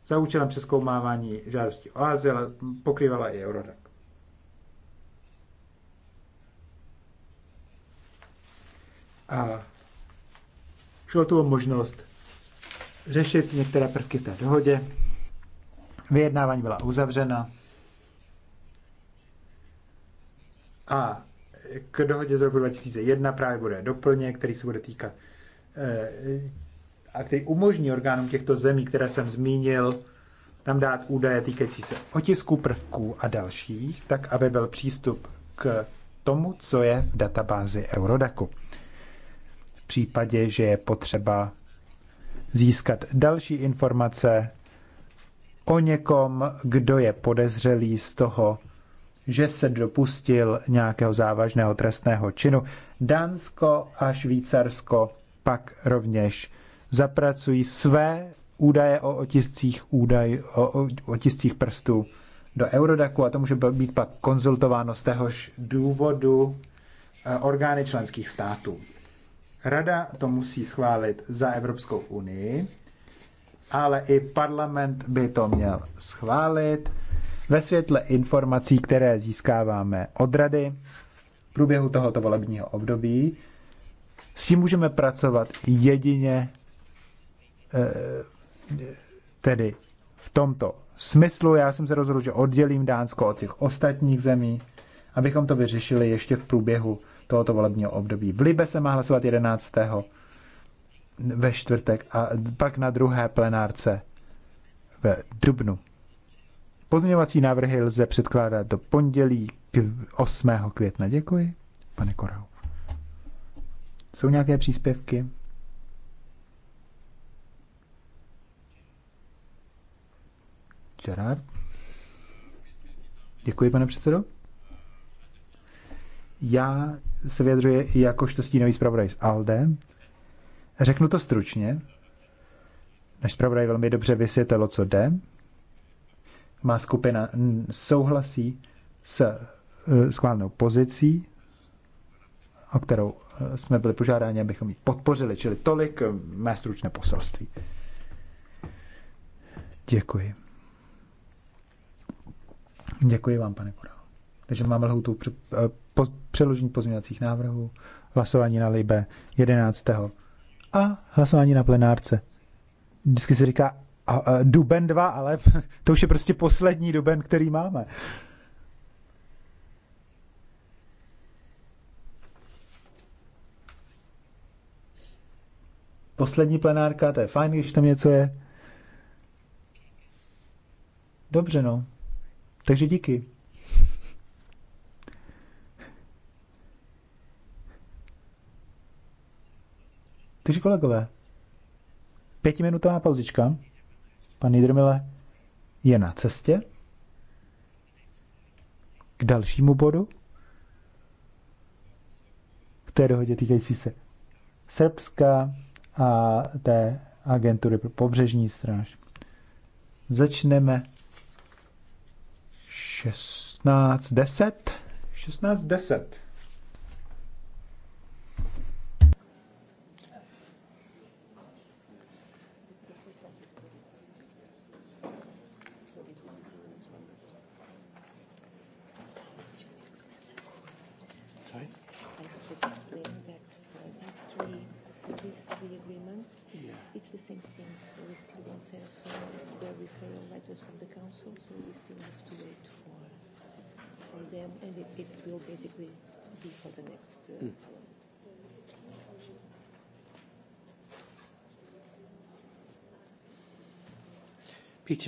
za účelem přeskoumávání žádosti o azyl, pokrývala i Eurodac. A šlo tu o možnost řešit některé prvky v té dohodě. Vyjednávání byla uzavřena. A k dohodě z roku 2001 právě bude doplně, který se bude týkat eh, a který umožní orgánům těchto zemí, které jsem zmínil, tam dát údaje týkající se otisku prvků a dalších, tak aby byl přístup k tomu, co je v databázi Eurodacu. V případě, že je potřeba získat další informace o někom, kdo je podezřelý z toho, že se dopustil nějakého závažného trestného činu. Dánsko a Švýcarsko pak rovněž zapracují své údaje o otiscích, údaj, o, o otiscích prstů do Eurodaku a to může být pak konzultováno z téhož důvodu eh, orgány členských států. Rada to musí schválit za Evropskou unii, ale i parlament by to měl schválit ve světle informací, které získáváme od Rady v průběhu tohoto volebního období. S tím můžeme pracovat jedině eh, tedy v tomto smyslu. Já jsem se rozhodl, že oddělím Dánsko od těch ostatních zemí, abychom to vyřešili ještě v průběhu tohoto volebního období. V Libe se má hlasovat 11. ve čtvrtek a pak na druhé plenárce v Dubnu. Pozměňovací návrhy lze předkládat do pondělí 8. května. Děkuji, pane Korau. Jsou nějaké příspěvky? Gerard? Děkuji, pane předsedo. Já se vyjadřuje jakožto stínový zpravodaj z ALDE. Řeknu to stručně. Náš zpravodaj velmi dobře vysvětlilo, co jde. Má skupina souhlasí s e, schválenou pozicí, o kterou e, jsme byli požádáni, abychom ji podpořili. Čili tolik e, mé stručné poselství. Děkuji. Děkuji vám, pane Korál. Takže máme lhoutu po, přeložení pozměňovacích návrhů, hlasování na Libe 11. a hlasování na plenárce. Vždycky se říká a, a, Duben 2, ale <laughs> to už je prostě poslední Duben, který máme. Poslední plenárka, to je fajn, když tam něco je. Dobře, no. Takže díky. Takže kolegové, pětiminutová pauzička. Pan Jidrmile je na cestě k dalšímu bodu, k té dohodě týkající se Srbska a té agentury pro pobřežní stráž. Začneme 16.10. 16.10.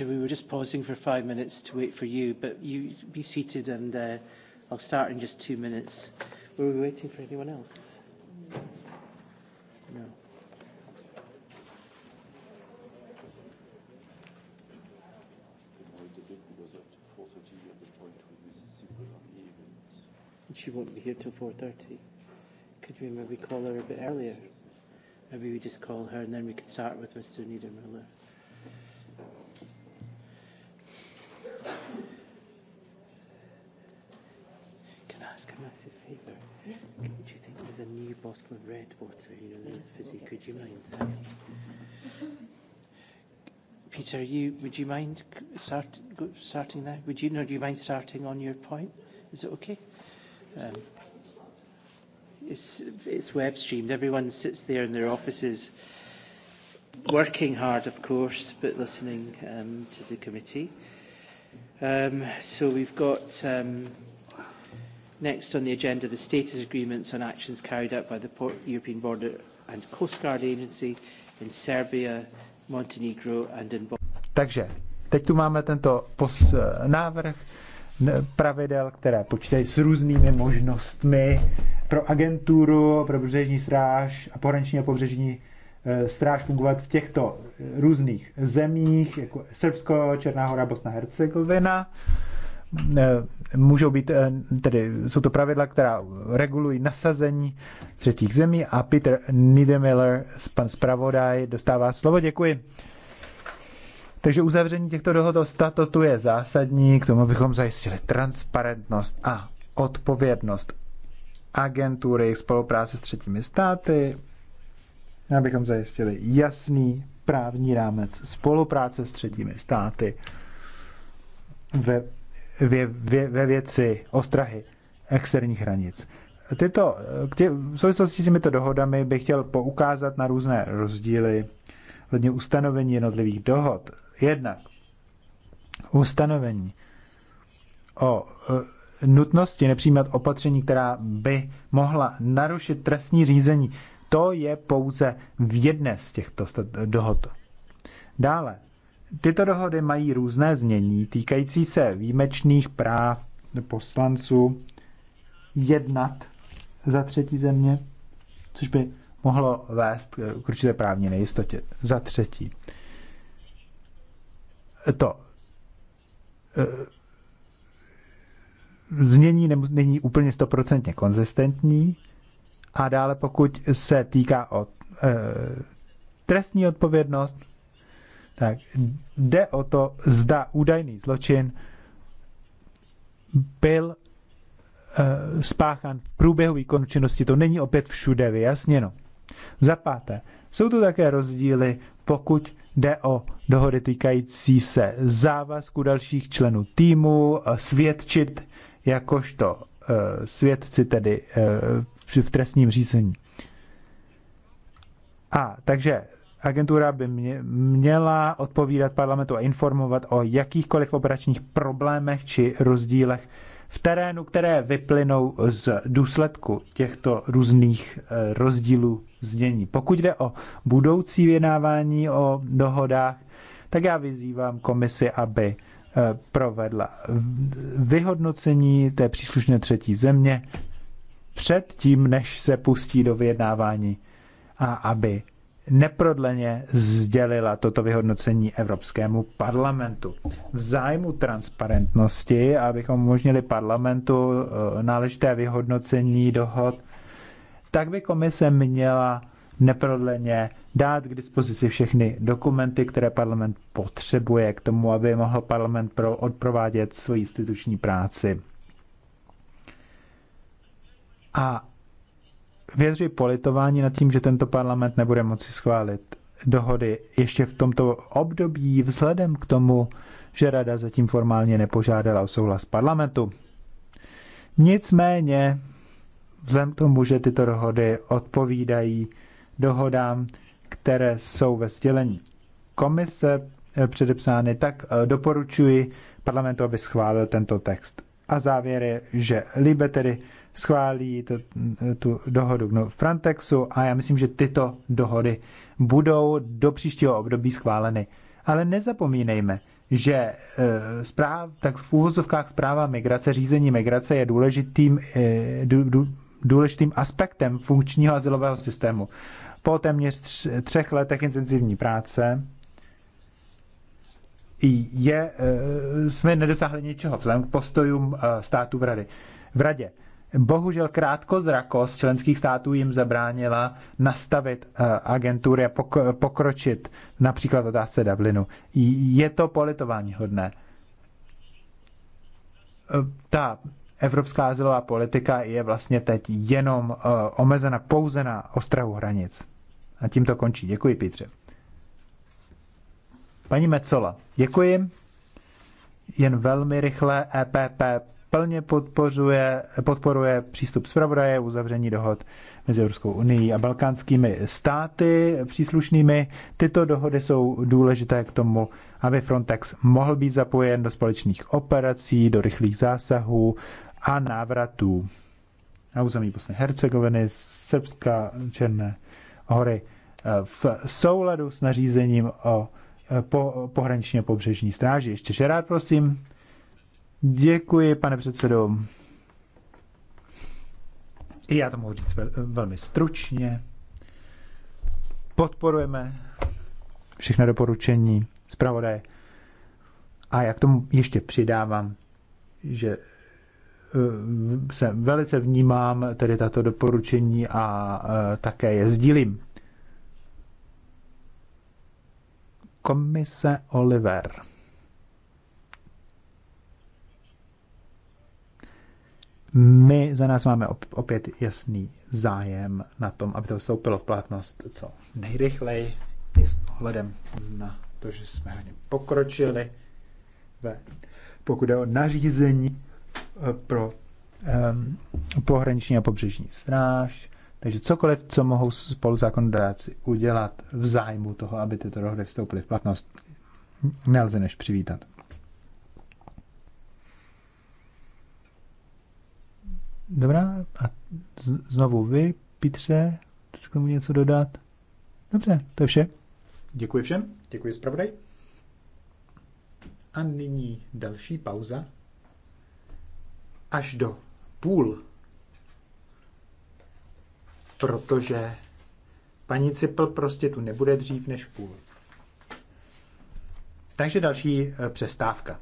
Minister, We were just pausing for five minutes to wait for you, but you be seated and uh, I'll start in just two minutes. Were we waiting for anyone else? No. She won't be here till 4.30. Could we maybe call her a bit earlier? Maybe we just call her and then we could start with Mr. Niedermüller. us a favour? Yes. Can, do you think there's a new bottle of red water, you know, the yes, fizzy? We'll Could you mind? Thank you. Peter, you would you mind start, go, starting now? Would you no, Do you mind starting on your point? Is it okay? Um, it's it's web streamed. Everyone sits there in their offices, working hard, of course, but listening um, to the committee. Um, so we've got. Um, Next on the agenda, the status agreements on actions carried out by the Port European Border and Coast Guard Agency in Serbia, Montenegro and in Takže teď tu máme tento pos- eh, návrh pravidel, které počítají s různými možnostmi pro agenturu, pro pobřežní stráž a pohraniční a pobřežní eh, stráž fungovat v těchto různých zemích, jako Srbsko, Černá hora, Bosna, Hercegovina. Eh, můžou být, eh, tedy jsou to pravidla, která regulují nasazení třetích zemí a Peter Niedemiller, pan zpravodaj, dostává slovo. Děkuji. Takže uzavření těchto dohod o statutu je zásadní k tomu, abychom zajistili transparentnost a odpovědnost agentury spolupráce s třetími státy, abychom zajistili jasný právní rámec spolupráce s třetími státy ve vě, vě, ve věci ostrahy externích hranic. Tyto, tě, v souvislosti s těmito dohodami bych chtěl poukázat na různé rozdíly hledně ustanovení jednotlivých dohod. Jednak ustanovení o e, nutnosti nepřijímat opatření, která by mohla narušit trestní řízení. To je pouze v jedné z těchto dohod. Dále Tyto dohody mají různé znění týkající se výjimečných práv poslanců jednat za třetí země, což by mohlo vést k určité právní nejistotě. Za třetí. To eh, znění není úplně stoprocentně konzistentní a dále pokud se týká o eh, trestní odpovědnost, tak jde o to, zda údajný zločin byl uh, eh, spáchan v průběhu výkonu činnosti. To není opět všude vyjasněno. Za páté, jsou tu také rozdíly, pokud jde o dohody týkající se závazku dalších členů týmu, eh, svědčit jakožto uh, svědci tedy uh, v trestním řízení. A takže agentura by měla odpovídat parlamentu a informovat o jakýchkoliv operačních problémech či rozdílech v terénu, které vyplynou z důsledku těchto různých eh, rozdílů znění. Pokud jde o budoucí vyjednávání o dohodách, tak já vyzývám komisi, aby eh, provedla vyhodnocení té příslušné třetí země před tím, než se pustí do vyjednávání a aby neprodleně sdělila toto vyhodnocení Evropskému parlamentu. V zájmu transparentnosti, abychom umožnili parlamentu eh, náležité vyhodnocení dohod, tak by komise měla neprodleně dát k dispozici všechny dokumenty, které parlament potřebuje k tomu, aby mohl parlament pro, odprovádět svoji instituční práci. A vědři politování nad tím, že tento parlament nebude moci schválit dohody ještě v tomto období vzhledem k tomu, že rada zatím formálně nepožádala o souhlas parlamentu. Nicméně, vzhledem k tomu, že tyto dohody odpovídají dohodám, které jsou ve stělení komise eh, předepsány, tak eh, doporučuji parlamentu, aby schválil tento text. A závěr je, že Libe tedy schválí to, tu dohodu no, Frontexu a já myslím, že tyto dohody budou do příštího období schváleny. Ale nezapomínejme, že zpráv, e, tak v úvozovkách zpráva migrace, řízení migrace je důležitým, e, důležitým aspektem funkčního asilového systému. Po téměř třech letech intenzivní práce je, e, jsme nedosáhli ničeho vzhledem k postojům států v, rady, v radě. Bohužel krátkozrakost členských států jim zabránila nastavit eh, agentury a pokročit například otázce Dublinu. Je to politování hodné. Eh, ta evropská azylová politika je vlastně teď jenom eh, omezena pouze na ostrahu hranic. A tím to končí. Děkuji, Pítře. Paní Mecola, děkuji. Jen velmi rychle EPP plně podporuje, podporuje přístup zpravodaje uzavření dohod mezi Evropskou unii a balkánskými státy příslušnými. Tyto dohody jsou důležité k tomu, aby Frontex mohl být zapojen do společných operací, do rychlých zásahů a návratů na území Bosny Hercegoviny, Srbska, Černé hory v souladu s nařízením o po, pohraničně pobřežní stráži. Ještě Žerár, prosím. Děkuji, pane předsedo. I já to mohu říct vel, velmi stručně. Podporujeme všechna doporučení zpravodaje. A já k tomu ještě přidávám, že e, se velice vnímám tedy tato doporučení a e, také je sdílím. Komise Oliver. My za nás máme opět jasný zájem na tom, aby to vstoupilo v platnost co nejrychleji i s ohledem na to, že jsme hodně pokročili ve, pokud je o nařízení eh, pro um, pohraniční a pobřežní stráž. Takže cokoliv, co mohou spoluzákonodáci udělat v zájmu toho, aby tyto dohody vstoupily v platnost, nelze než přivítat. Dobrá, a znovu vy, Pítře, chcete k tomu něco dodat? Dobře, to je vše. Děkuji všem, děkuji zpravodaj. A nyní další pauza. Až do půl. Protože paní Cipl prostě tu nebude dřív než půl. Takže další eh, přestávka.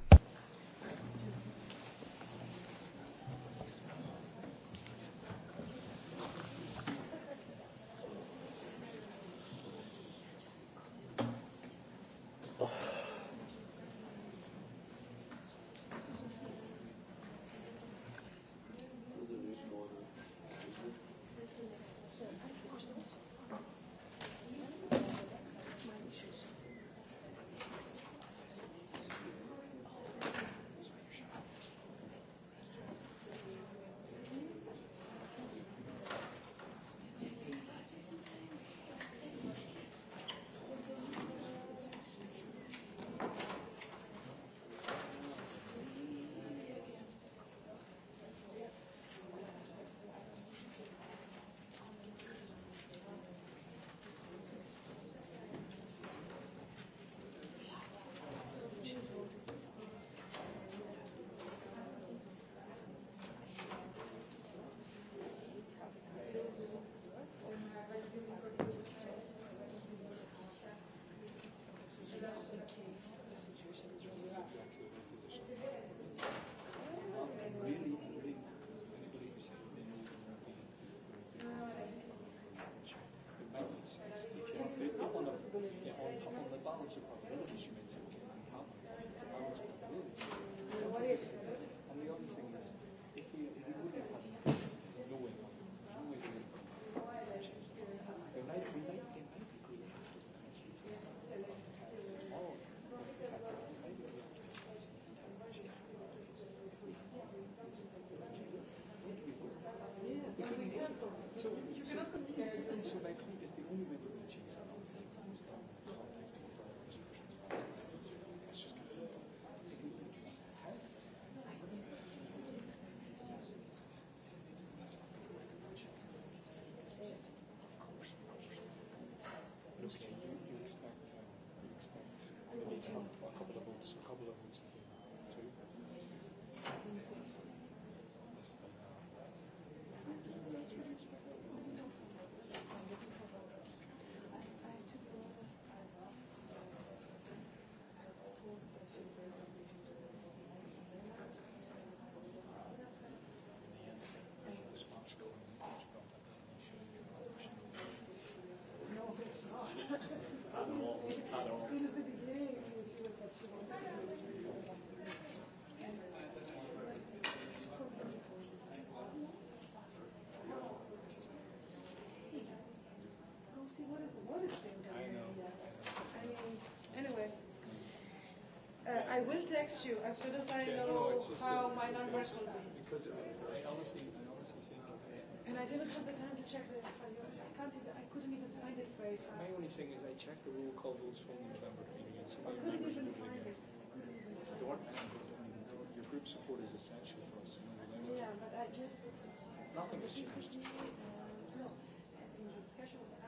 I will text you as soon as I yeah, know no, how the, my numbers will be. Because I, uh, I honestly, I honestly think. And I didn't have the time to check the. I can't. I couldn't even find it very fast. My only thing is, I checked the rule called rules from November meeting, I couldn't even find it. Your group support is essential for us. Yeah, but I just. Nothing has changed. Uh, no, the discussion was.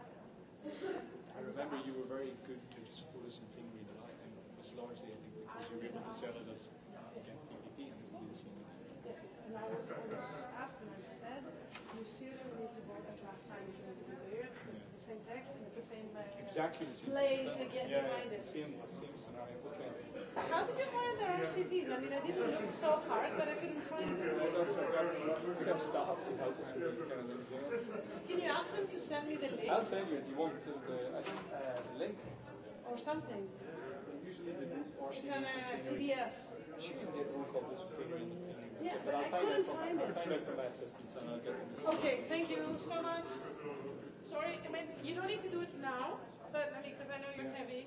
I remember you were very good to support us in Finland largely, I think, because you were able to sell it as against EPP e and it would be the same. Yes, and I was asked and I said, you seriously need to vote as last time you shouldn't be there. This is the same text and it's the same uh, exactly the same place text. again yeah, behind it. Same, same scenario. Okay. How did you find the RCDs? I mean, I didn't look so hard, but I couldn't find them. I don't know. We have staff to help us with these kind of things. Yeah. Can you ask them to send me the link? I'll send you it. You want to the, I think, uh, the link? Or something. Yeah actually the It's on a PDF. Yeah, but I couldn't find it. I'll find it from my assistants and I'll get them. Okay, thank you so much. Sorry, I mean, you don't need to do it now, but I mean, because I know you're yeah. heavy.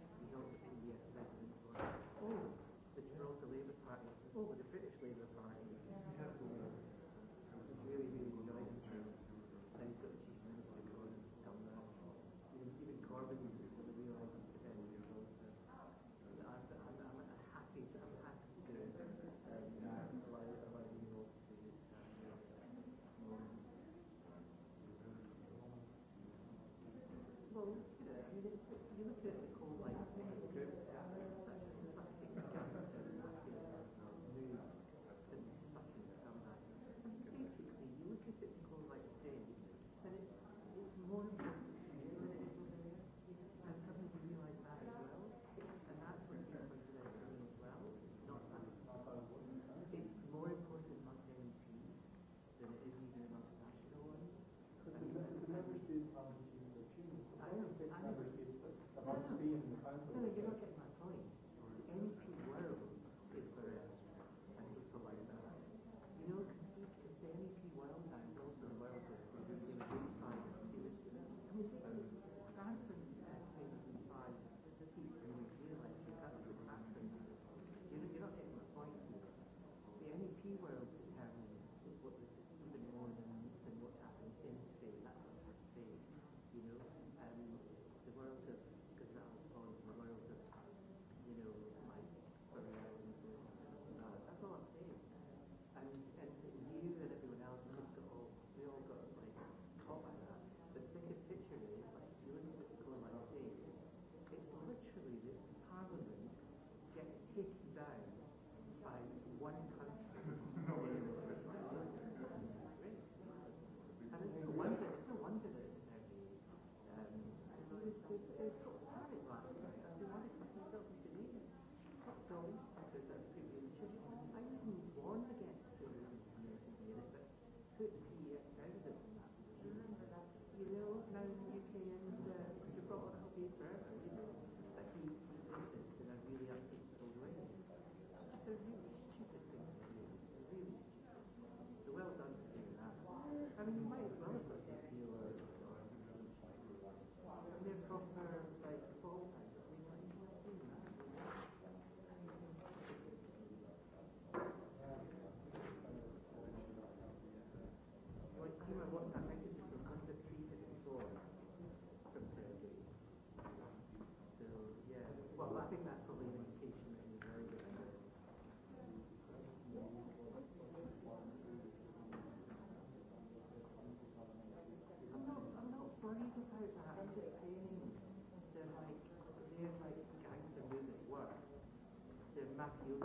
Matthew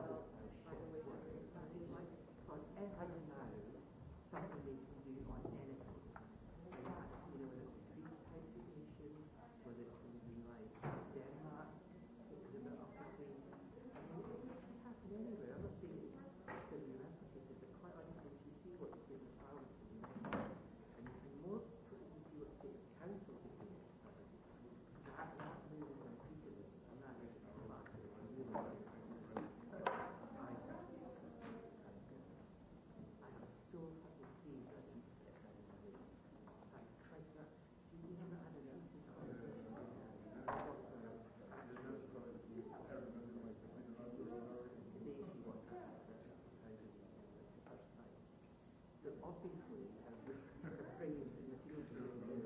helping create a strange and future.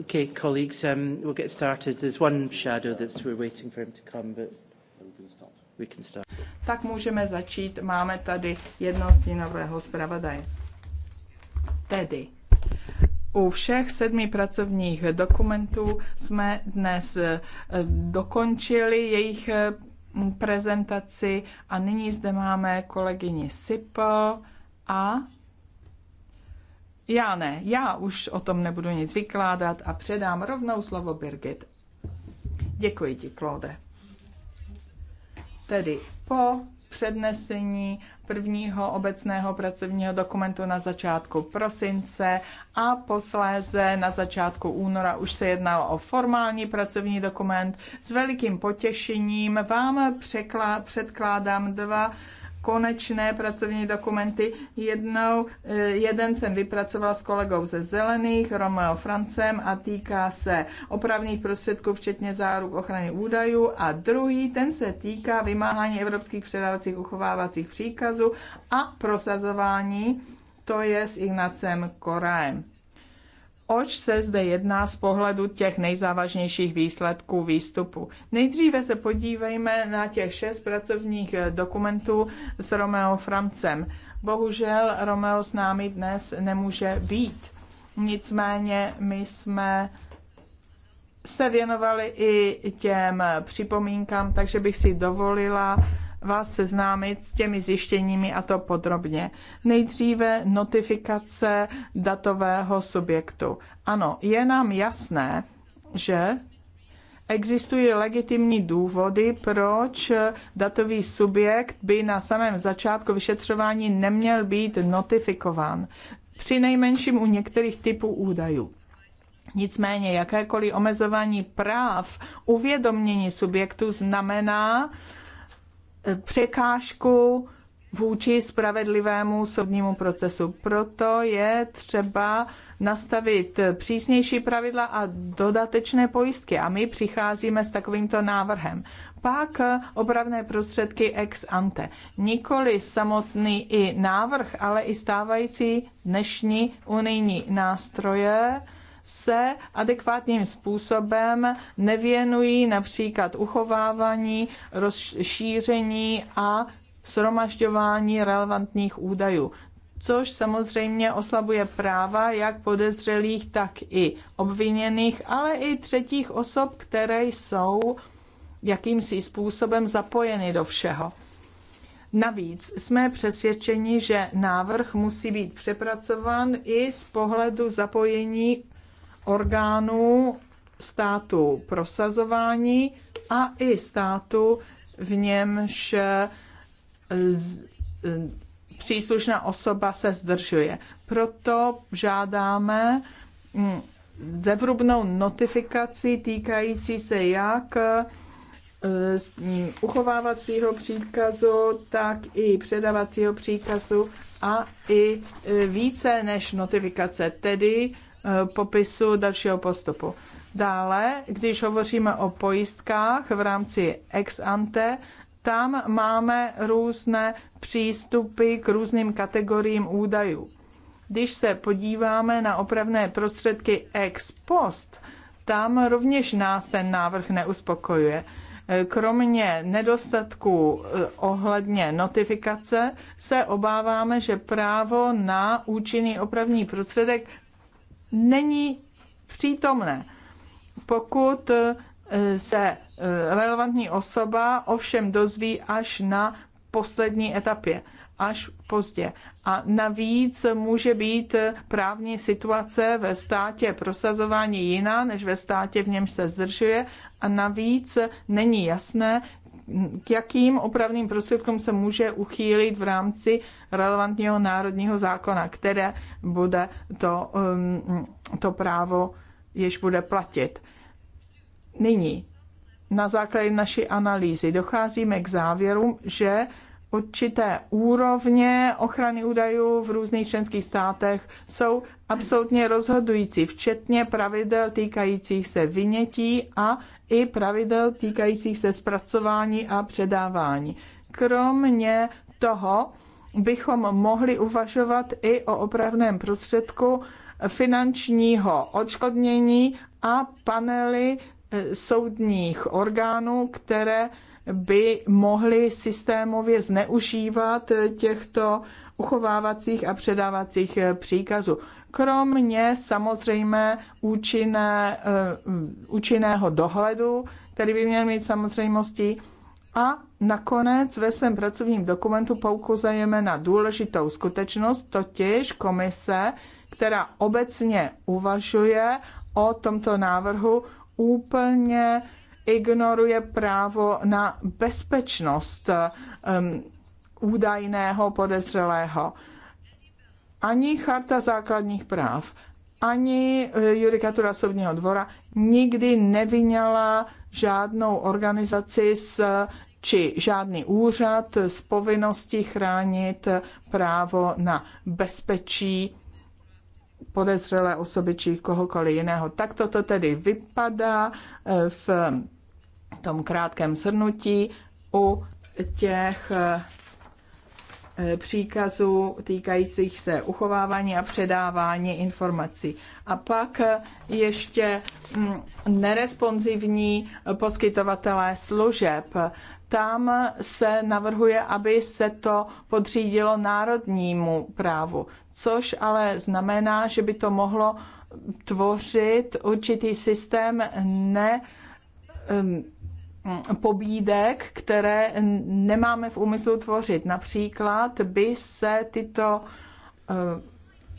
Okay, colleagues, um, we'll get started. There's one shadow that we're waiting for him to come, but we can start. Tak můžeme začít. Máme tady jednosti nového zpravodaje. Tedy u všech sedmi pracovních dokumentů jsme dnes eh, dokončili jejich eh, prezentaci a nyní zde máme kolegyni Sipo a já ne, já už o tom nebudu nic vykládat a předám rovnou slovo Birgit. Děkuji ti, Klode. Tedy po přednesení prvního obecného pracovního dokumentu na začátku prosince a posléze na začátku února už se jednalo o formální pracovní dokument. S velikým potěšením vám překlá, předkládám dva konečné pracovní dokumenty. Jednou, eh, jeden jsem vypracoval s kolegou ze Zelených, Romeo Francem a týká se opravných prostředků, včetně záruk ochrany údajů a druhý, ten se týká vymáhání evropských předávacích uchovávacích příkazů a prosazování, to je s Ignacem Koraem oč se zde jedná z pohledu těch nejzávažnějších výsledků výstupu. Nejdříve se podívejme na těch šest pracovních eh, dokumentů s Romeo Francem. Bohužel Romeo s námi dnes nemůže být. Nicméně my jsme se věnovali i těm připomínkám, takže bych si dovolila vás seznámit s těmi zjištěními a to podrobně. Nejdříve notifikace datového subjektu. Ano, je nám jasné, že existují legitimní důvody, proč datový subjekt by na samém začátku vyšetřování neměl být notifikován. Při nejmenším u některých typů údajů. Nicméně jakékoliv omezování práv uvědomění subjektu znamená, překážku vůči spravedlivému soudnímu procesu. Proto je třeba nastavit přísnější pravidla a dodatečné pojistky. A my přicházíme s takovýmto návrhem. Pak opravné prostředky ex ante. Nikoli samotný i návrh, ale i stávající dnešní unijní nástroje se adekvátním způsobem nevěnují například uchovávání, rozšíření a shromažďování relevantních údajů což samozřejmě oslabuje práva jak podezřelých, tak i obviněných, ale i třetích osob, které jsou jakýmsi způsobem zapojeny do všeho. Navíc jsme přesvědčeni, že návrh musí být přepracován i z pohledu zapojení orgánů státu prosazování a i státu, v němž eh, eh, příslušná osoba se zdržuje. Proto žádáme hm, zevrubnou notifikaci týkající se jak eh, hm, uchovávacího příkazu, tak i předávacího příkazu a i více než notifikace, tedy Eh, popisu dalšího postupu. Dále, když hovoříme o pojistkách v rámci ex ante, tam máme různé přístupy k různým kategoriím údajů. Když se podíváme na opravné prostředky ex post, tam rovněž nás ten návrh neuspokojuje. Eh, kromě nedostatků eh, ohledně notifikace se obáváme, že právo na účinný opravný prostředek není přítomné. Pokud eh, se eh, relevantní osoba ovšem dozví až na poslední etapě, až pozdě. A navíc může být eh, právní situace ve státě prosazování jiná, než ve státě, v němž se zdržuje. A navíc není jasné, k jakým opravným prostředkům se může uchýlit v rámci relevantního národního zákona, které bude to, um, to právo, jež bude platit. Nyní, na základě naší analýzy, docházíme k závěru, že určité úrovně ochrany údajů v různých členských státech jsou absolutně rozhodující, včetně pravidel týkajících se vynětí a i pravidel týkajících se zpracování a předávání. Kromě toho bychom mohli uvažovat i o opravném prostředku finančního odškodnění a panely eh, soudních orgánů, které by mohli systémově zneužívat těchto uchovávacích a předávacích příkazů. Kromě samozřejmě účinné, eh, účinného dohledu, který by měl mít samozřejmostí, a nakonec ve svém pracovním dokumentu poukazujeme na důležitou skutečnost, totiž komise, která obecně uvažuje o tomto návrhu úplně ignoruje právo na bezpečnost um, údajného podezřelého. Ani charta základních práv, ani eh, judikatura soudního dvora nikdy nevyňala žádnou organizaci s, či žádný úřad z povinnosti chránit právo na bezpečí podezřelé osoby či kohokoliv jiného. Tak toto tedy vypadá eh, v tom krátkém shrnutí u těch eh, příkazů týkajících se uchovávání a předávání informací. A pak eh, ještě mm, neresponzivní poskytovatelé služeb. Tam se navrhuje, aby se to podřídilo národnímu právu, což ale znamená, že by to mohlo tvořit určitý systém ne mm, pobídek, které nemáme v úmyslu tvořit. Například by se tyto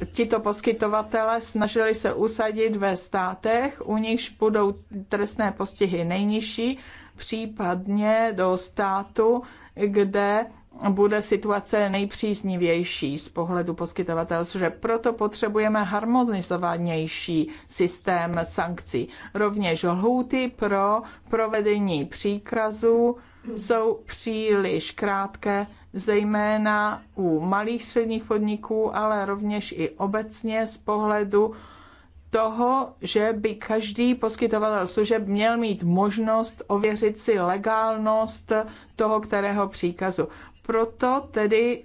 eh, tito poskytovatele snažili se usadit ve státech, u nichž budou trestné postihy nejnižší, případně do státu, kde bude situace nejpříznivější z pohledu poskytovatelů, že proto potřebujeme harmonizovanější systém sankcí. Rovněž lhůty pro provedení příkazů jsou příliš krátké, zejména u malých středních podniků, ale rovněž i obecně z pohledu toho, že by každý poskytovatel služeb měl mít možnost ověřit si legálnost toho kterého příkazu. Proto tedy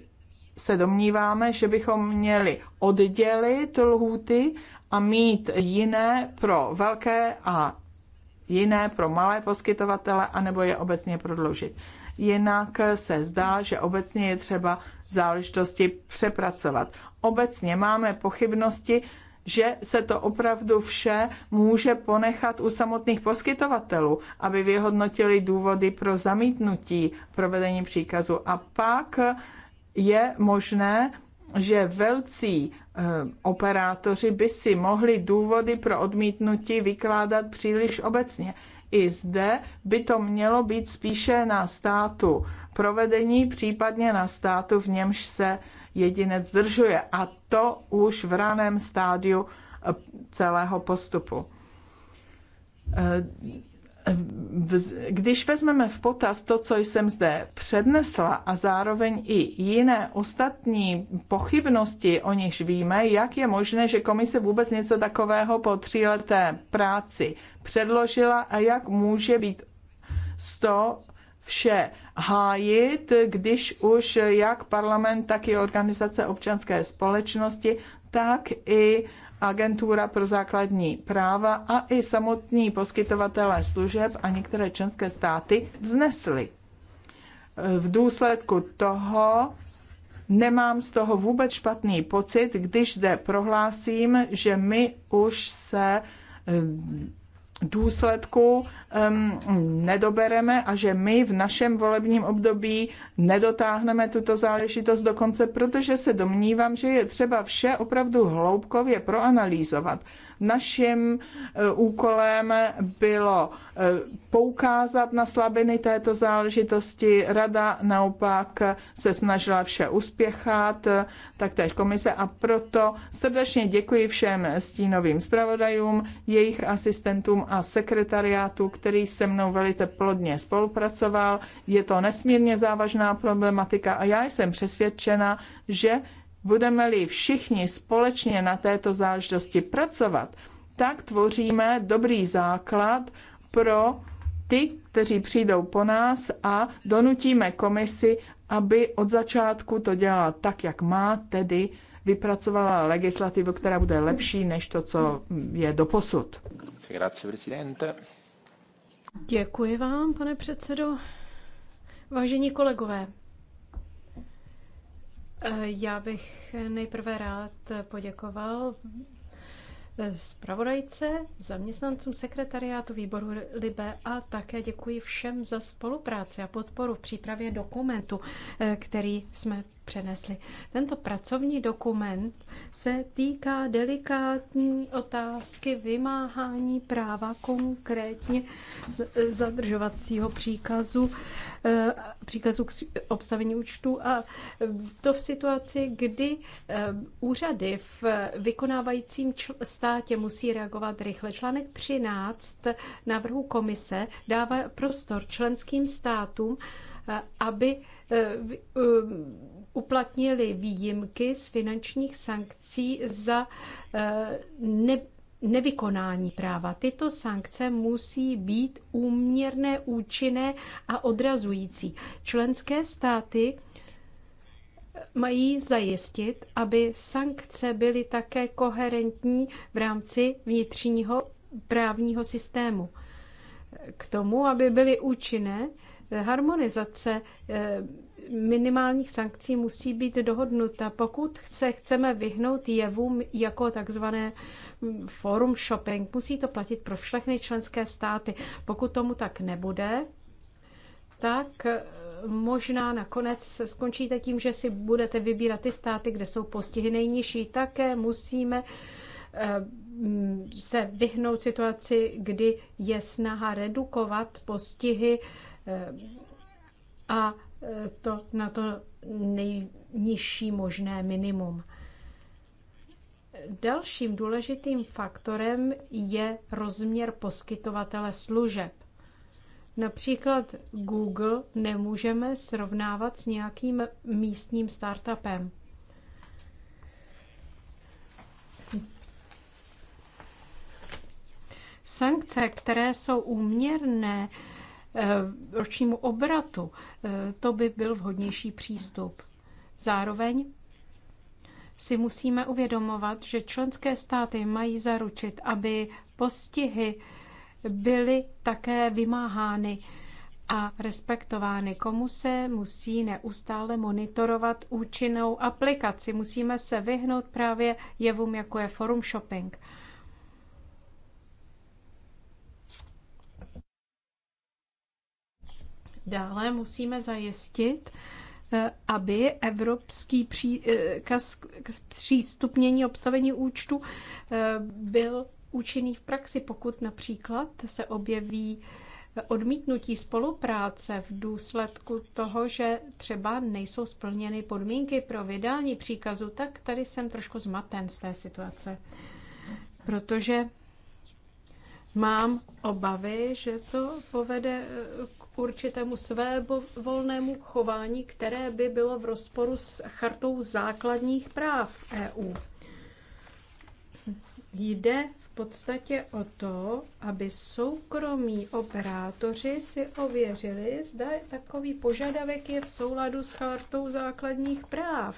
se domníváme, že bychom měli oddělit lhůty a mít jiné pro velké a jiné pro malé poskytovatele, anebo je obecně prodloužit. Jinak se zdá, že obecně je třeba záležitosti přepracovat. Obecně máme pochybnosti že se to opravdu vše může ponechat u samotných poskytovatelů, aby vyhodnotili důvody pro zamítnutí provedení příkazu. A pak je možné, že velcí eh, operátoři by si mohli důvody pro odmítnutí vykládat příliš obecně. I zde by to mělo být spíše na státu provedení, případně na státu, v němž se jedinec zdržuje. A to už v raném stádiu eh, celého postupu. Eh, když vezmeme v potaz to, co jsem zde přednesla a zároveň i jiné ostatní pochybnosti, o nichž víme, jak je možné, že komise vůbec něco takového po tříleté práci předložila a jak může být z to vše hájit, když už jak parlament, tak i organizace občanské společnosti, tak i agentura pro základní práva a i samotní poskytovatelé služeb a některé členské státy vznesly. V důsledku toho nemám z toho vůbec špatný pocit, když zde prohlásím, že my už se důsledku um, nedobereme a že my v našem volebním období nedotáhneme tuto záležitost dokonce, protože se domnívám, že je třeba vše opravdu hloubkově proanalýzovat. Naším e, úkolem bylo e, poukázat na slabiny této záležitosti. Rada naopak se snažila vše uspěchat, e, taktéž komise a proto srdečně děkuji všem stínovým zpravodajům, jejich asistentům a sekretariátu, který se mnou velice plodně spolupracoval. Je to nesmírně závažná problematika a já jsem přesvědčena, že budeme-li všichni společně na této záležitosti pracovat, tak tvoříme dobrý základ pro ty, kteří přijdou po nás a donutíme komisi, aby od začátku to dělala tak, jak má, tedy vypracovala legislativu, která bude lepší než to, co je doposud. Grazie, presidente. Děkuji vám, pane předsedo. Vážení kolegové, já bych nejprve rád poděkoval zpravodajce, zaměstnancům sekretariátu výboru Libe a také děkuji všem za spolupráci a podporu v přípravě dokumentu, který jsme přenesli. Tento pracovní dokument se týká delikátní otázky vymáhání práva, konkrétně zadržovacího příkazu, eh, příkazu k obstavení účtu a to v situaci, kdy eh, úřady v vykonávajícím státě musí reagovat rychle. Článek 13 návrhu komise dává prostor členským státům, eh, aby uplatnili výjimky z finančních sankcí za eh, ne, nevykonání práva. Tyto sankce musí být úměrné, účinné a odrazující. Členské státy mají zajistit, aby sankce byly také koherentní v rámci vnitřního právního systému. K tomu, aby byly účinné, eh, harmonizace eh, minimálních sankcí musí být dohodnuta, pokud se chceme vyhnout jevům jako takzvané forum shopping. Musí to platit pro všechny členské státy. Pokud tomu tak nebude, tak eh, možná nakonec skončíte tím, že si budete vybírat ty státy, kde jsou postihy nejnižší. Také musíme eh, mm, se vyhnout situaci, kdy je snaha redukovat postihy eh, a to, na to nejnižší možné minimum. Dalším důležitým faktorem je rozměr poskytovatele služeb. Například Google nemůžeme srovnávat s nějakým místním startupem. Sankce, které jsou úměrné Eh, ročnímu obratu. Eh, to by byl vhodnější přístup. Zároveň si musíme uvědomovat, že členské státy mají zaručit, aby postihy byly také vymáhány a respektovány. Komu se musí neustále monitorovat účinnou aplikaci. Musíme se vyhnout právě jevům, jako je forum shopping. Dále musíme zajistit, eh, aby evropský příkaz eh, k přístupnění obstavení účtu eh, byl účinný v praxi, pokud například se objeví odmítnutí spolupráce v důsledku toho, že třeba nejsou splněny podmínky pro vydání příkazu, tak tady jsem trošku zmaten z té situace. Protože mám obavy, že to povede určitému své volnému chování, které by bylo v rozporu s chartou základních práv EU. Jde v podstatě o to, aby soukromí operátoři si ověřili, zda takový požadavek je v souladu s chartou základních práv.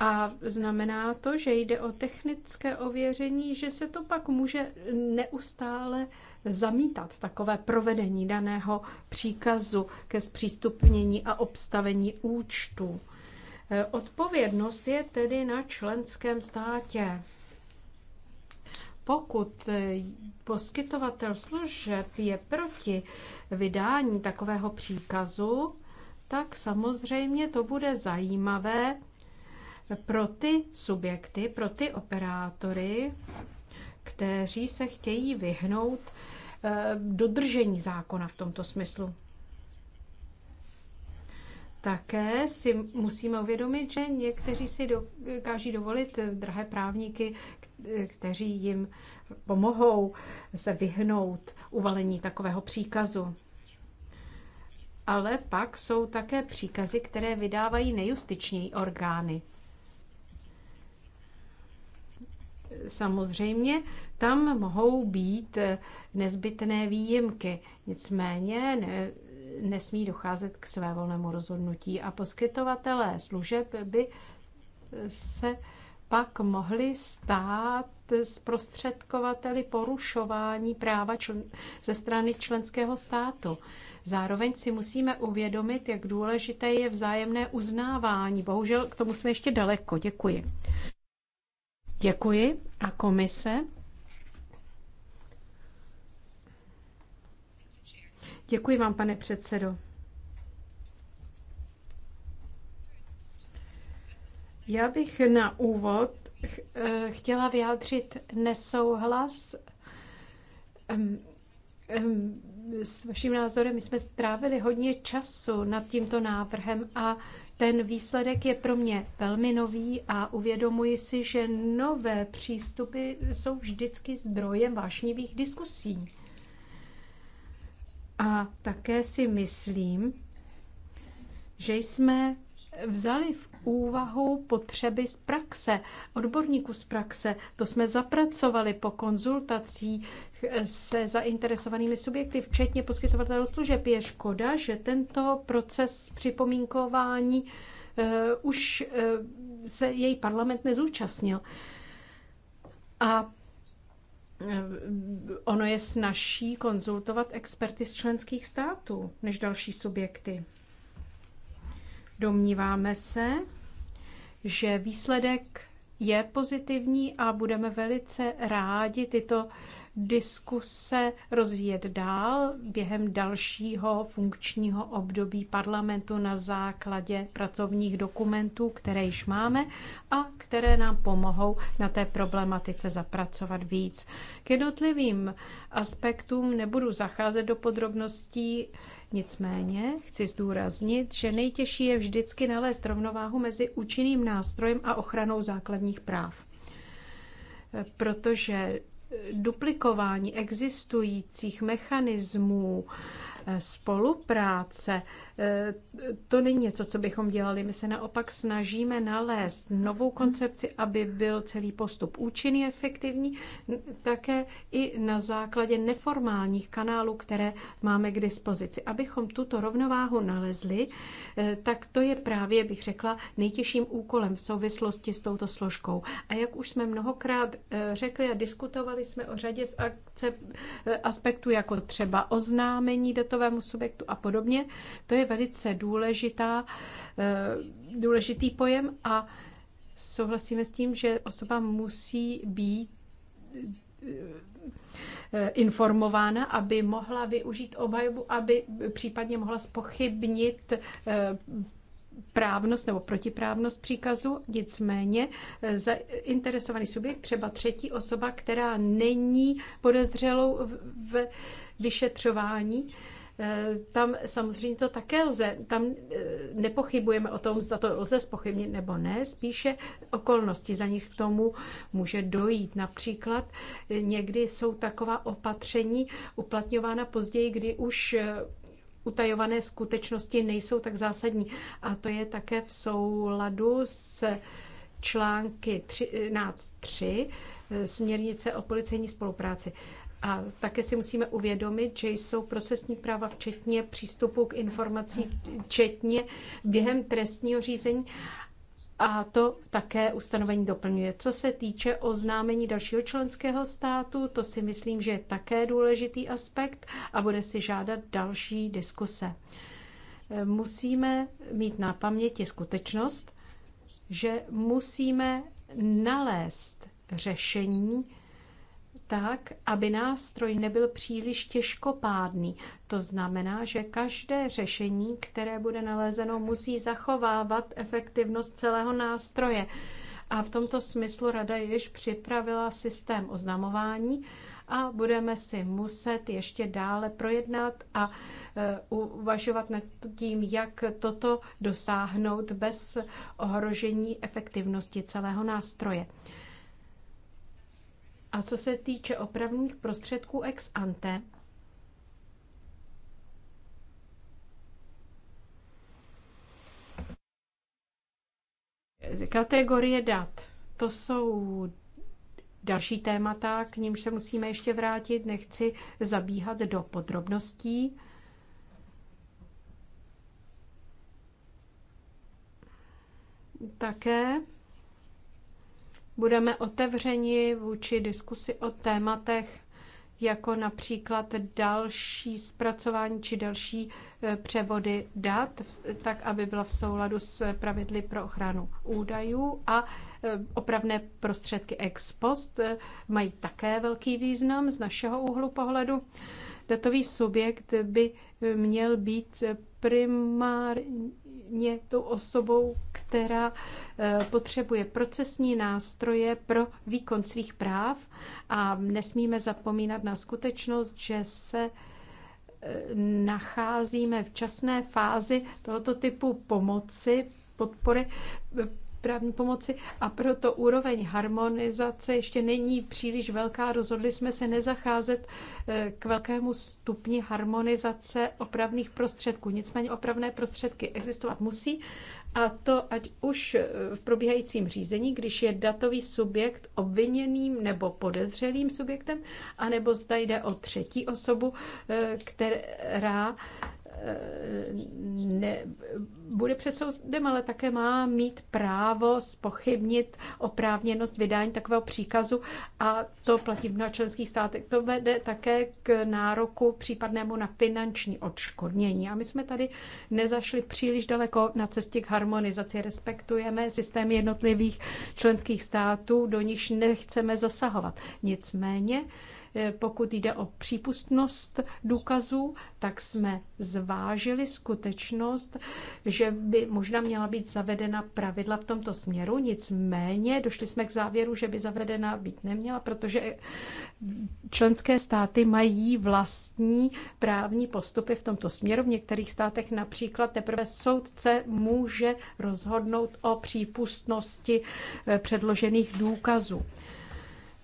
A znamená to, že jde o technické ověření, že se to pak může neustále zamítat takové provedení daného příkazu ke zpřístupnění a obstavení účtu. E, odpovědnost je tedy na členském státě. Pokud e, poskytovatel služeb je proti vydání takového příkazu, tak samozřejmě to bude zajímavé pro ty subjekty, pro ty operátory, kteří se chtějí vyhnout eh, dodržení zákona v tomto smyslu. Také si musíme uvědomit, že někteří si dokáží dovolit drahé právníky, kteří jim pomohou se vyhnout uvalení takového příkazu. Ale pak jsou také příkazy, které vydávají nejustiční orgány. Samozřejmě tam mohou být nezbytné výjimky, nicméně ne, nesmí docházet k svévolnému rozhodnutí a poskytovatelé služeb by se pak mohli stát zprostředkovateli porušování práva člen, ze strany členského státu. Zároveň si musíme uvědomit, jak důležité je vzájemné uznávání. Bohužel k tomu jsme ještě daleko. Děkuji. Děkuji. A komise? Děkuji vám, pane předsedo. Já bych na úvod eh, chtěla vyjádřit nesouhlas s vaším názorem. My jsme strávili hodně času nad tímto návrhem a ten výsledek je pro mě velmi nový a uvědomuji si, že nové přístupy jsou vždycky zdrojem vášnivých diskusí. A také si myslím, že jsme vzali v úvahu potřeby z praxe, odborníků z praxe. To jsme zapracovali po konzultací se zainteresovanými subjekty, včetně poskytovatelů služeb. Je škoda, že tento proces připomínkování eh, už eh, se její parlament nezúčastnil. A eh, ono je snažší konzultovat experty z členských států než další subjekty. Domníváme se, že výsledek je pozitivní a budeme velice rádi tyto diskuse rozvíjet dál během dalšího funkčního období parlamentu na základě pracovních dokumentů, které již máme a které nám pomohou na té problematice zapracovat víc. K jednotlivým aspektům nebudu zacházet do podrobností, Nicméně chci zdůraznit, že nejtěžší je vždycky nalézt rovnováhu mezi účinným nástrojem a ochranou základních práv. Protože duplikování existujících mechanismů eh, spolupráce Eh, to není něco, co bychom dělali. My se naopak snažíme nalézt novou koncepci, aby byl celý postup účinný, efektivní, také i na základě neformálních kanálů, které máme k dispozici. Abychom tuto rovnováhu nalezli, eh, tak to je právě, bych řekla, nejtěžším úkolem v souvislosti s touto složkou. A jak už jsme mnohokrát eh, řekli a diskutovali jsme o řadě z akce, aspektů, jako třeba oznámení datovému subjektu a podobně, to je velice důležitá, eh, důležitý pojem a souhlasíme s tím, že osoba musí být eh, informována, aby mohla využít obhajobu, aby případně mohla spochybnit eh, právnost nebo protiprávnost příkazu, nicméně zainteresovaný subjekt, třeba třetí osoba, která není podezřelou v vyšetřování, Eh, tam samozřejmě to také lze, tam eh, nepochybujeme o tom, zda to lze spochybnit nebo ne, spíše okolnosti, za nich k tomu může dojít. Například eh, někdy jsou taková opatření uplatňována později, kdy už utajované skutečnosti nejsou tak zásadní. A to je také v souladu s články 13.3 směrnice o policejní spolupráci. A také si musíme uvědomit, že jsou procesní práva včetně přístupu k informací, včetně během trestního řízení. A to také ustanovení doplňuje. Co se týče oznámení dalšího členského státu, to si myslím, že je také důležitý aspekt a bude si žádat další diskuse. Musíme mít na paměti skutečnost, že musíme nalézt řešení, tak, aby nástroj nebyl příliš těžkopádný. To znamená, že každé řešení, které bude nalezeno, musí zachovávat efektivnost celého nástroje. A v tomto smyslu Rada již připravila systém oznamování a budeme si muset ještě dále projednat a e, uvažovat nad tím, jak toto dosáhnout bez ohrožení efektivnosti celého nástroje. A co se týče opravných prostředků ex ante, kategorie dat, to jsou další témata, k nímž se musíme ještě vrátit, nechci zabíhat do podrobností. Také Budeme otevřeni vůči diskusi o tématech, jako například další zpracování či další eh, převody dat, tak aby byla v souladu s pravidly pro ochranu údajů a eh, opravné prostředky ex post eh, mají také velký význam z našeho úhlu pohledu. Datový subjekt by měl být primární mě tou osobou, která eh, potřebuje procesní nástroje pro výkon svých práv a nesmíme zapomínat na skutečnost, že se eh, nacházíme v časné fázi tohoto typu pomoci, podpory eh, právní pomoci a proto úroveň harmonizace ještě není příliš velká. Rozhodli jsme se nezacházet eh, k velkému stupni harmonizace opravných prostředků. Nicméně opravné prostředky existovat musí a to ať už eh, v probíhajícím řízení, když je datový subjekt obviněným nebo podezřelým subjektem, anebo zda jde o třetí osobu, eh, která Eh, ne, bude před soudem, ale také má mít právo spochybnit oprávněnost vydání takového příkazu a to platí v mnoha členských státech. To vede také k nároku případnému na finanční odškodnění. A my jsme tady nezašli příliš daleko na cestě k harmonizaci. Respektujeme systém jednotlivých členských států, do nichž nechceme zasahovat. Nicméně, Eh, pokud jde o přípustnost důkazů, tak jsme zvážili skutečnost, že by možná měla být zavedena pravidla v tomto směru, nicméně došli jsme k závěru, že by zavedena být neměla, protože členské státy mají vlastní právní postupy v tomto směru. V některých státech například teprve soudce může rozhodnout o přípustnosti eh, předložených důkazů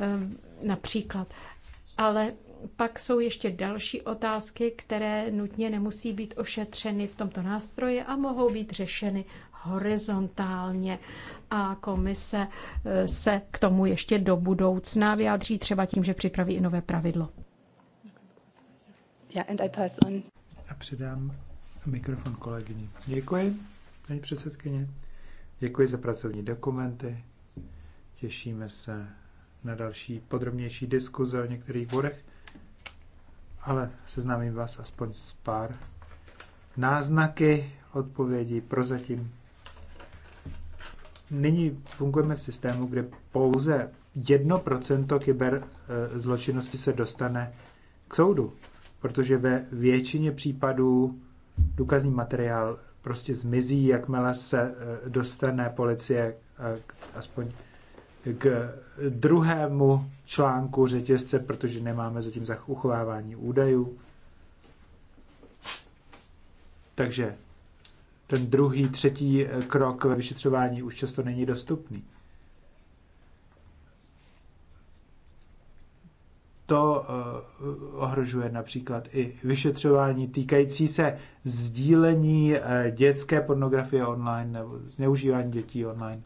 ehm, například ale pak jsou ještě další otázky, které nutně nemusí být ošetřeny v tomto nástroji a mohou být řešeny horizontálně. A komise eh, se k tomu ještě do budoucna vyjádří třeba tím, že připraví i nové pravidlo. Yeah, and I pass on. A předám mikrofon kolegyni. Děkuji, paní předsedkyně. Děkuji za pracovní dokumenty. Těšíme se na další podrobnější diskuze o některých bodech, ale seznámím vás aspoň s pár náznaky odpovědí prozatím. Nyní fungujeme v systému, kde pouze 1% kyber eh, zločinnosti se dostane k soudu, protože ve většině případů důkazní materiál prostě zmizí, jakmile se eh, dostane policie eh, aspoň k druhému článku řetězce, protože nemáme zatím uchovávání údajů. Takže ten druhý, třetí krok ve vyšetřování už často není dostupný. To eh, ohrožuje například i vyšetřování týkající se sdílení eh, dětské pornografie online nebo zneužívání dětí online.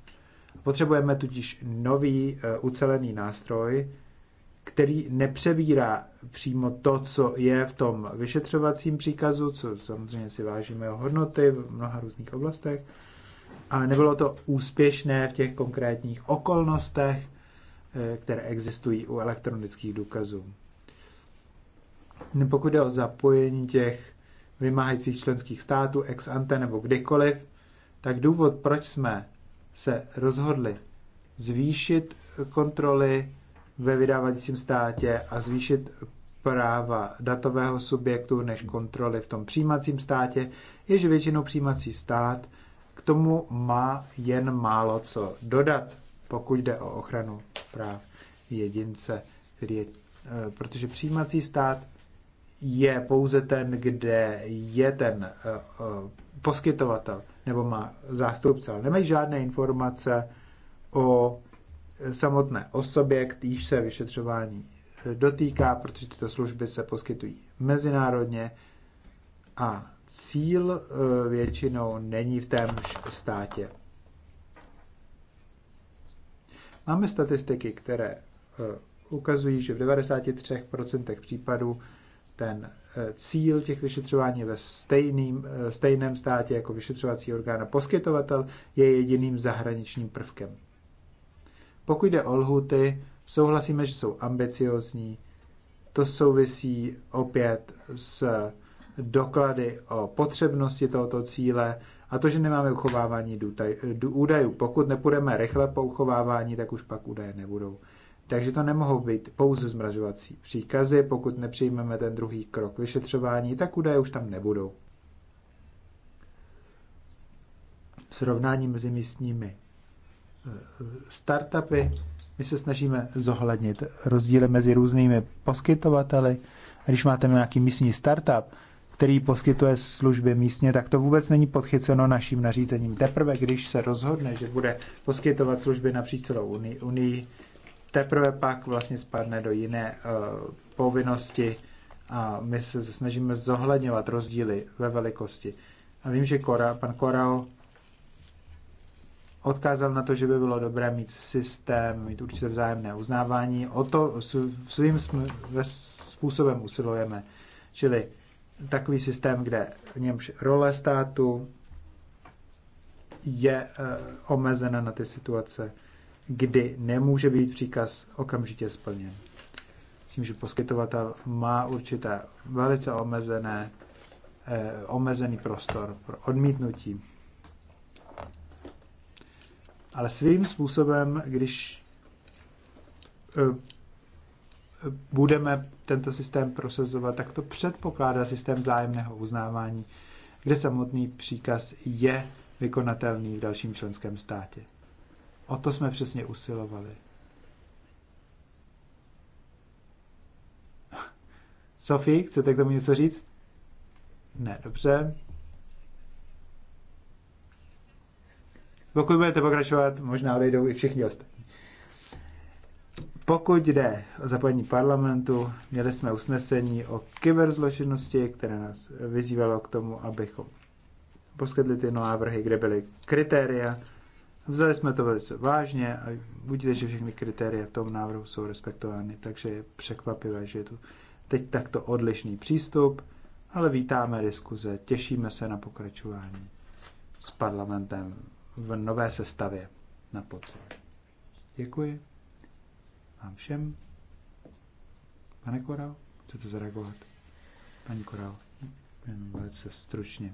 Potřebujeme tudíž nový eh, ucelený nástroj, který nepřebírá přímo to, co je v tom vyšetřovacím příkazu, co samozřejmě si vážíme o hodnoty v mnoha různých oblastech, ale nebylo to úspěšné v těch konkrétních okolnostech, eh, které existují u elektronických důkazů. Pokud jde o zapojení těch vymáhajících členských států ex ante nebo kdykoliv, tak důvod, proč jsme se rozhodli zvýšit kontroly ve vydávacím státě a zvýšit práva datového subjektu než kontroly v tom přijímacím státě, jež většinou přijímací stát k tomu má jen málo co dodat, pokud jde o ochranu práv jedince, který je, eh, protože přijímací stát je pouze ten, kde je ten eh, eh, poskytovatel nebo má zástupce, ale nemají žádné informace o samotné osobě, když se vyšetřování dotýká, protože tyto služby se poskytují mezinárodně a cíl e, většinou není v témž státě. Máme statistiky, které e, ukazují, že v 93% případů ten Eh, cíl těch vyšetřování ve stejným, eh, stejném státě jako vyšetřovací orgán a poskytovatel je jediným zahraničním prvkem. Pokud jde o lhuty, souhlasíme, že jsou ambiciozní. To souvisí opět s doklady o potřebnosti tohoto cíle a to, že nemáme uchovávání údajů. Pokud nepůjdeme rychle po uchovávání, tak už pak údaje nebudou takže to nemohou být pouze zmražovací příkazy. Pokud nepřijmeme ten druhý krok vyšetřování, tak údaje už tam nebudou. Srovnání mezi místními eh, startupy. My se snažíme zohlednit rozdíly mezi různými poskytovateli. Když máte nějaký místní startup, který poskytuje služby místně, tak to vůbec není podchyceno naším nařízením. Teprve když se rozhodne, že bude poskytovat služby napříč celou unii, unii teprve pak vlastně spadne do jiné uh, povinnosti a my se snažíme zohledňovat rozdíly ve velikosti. A vím, že Kora, pan Korao odkázal na to, že by bylo dobré mít systém, mít určité vzájemné uznávání. O to svým způsobem usilujeme. Čili takový systém, kde v němž role státu je uh, omezena na ty situace, kdy nemůže být příkaz okamžitě splněn. Tím, že poskytovatel má určité velice omezené, eh, omezený prostor pro odmítnutí. Ale svým způsobem, když eh, budeme tento systém prosazovat, tak to předpokládá systém zájemného uznávání, kde samotný příkaz je vykonatelný v dalším členském státě. O to jsme přesně usilovali. <laughs> Sofie, chcete k tomu něco říct? Ne, dobře. Pokud budete pokračovat, možná odejdou i všichni ostatní. Pokud jde o zapojení parlamentu, měli jsme usnesení o kyberzločinnosti, které nás vyzývalo k tomu, abychom poskytli ty návrhy, kde byly kritéria, Vzali jsme to velice vážně a budíte, že všechny kritéria v tom návrhu jsou respektovány, takže je překvapivé, že je tu teď takto odlišný přístup, ale vítáme diskuze, těšíme se na pokračování s parlamentem v nové sestavě na podzim. Děkuji vám všem. Pane Koral, chcete zareagovat? Paní Koral, jenom velice stručně.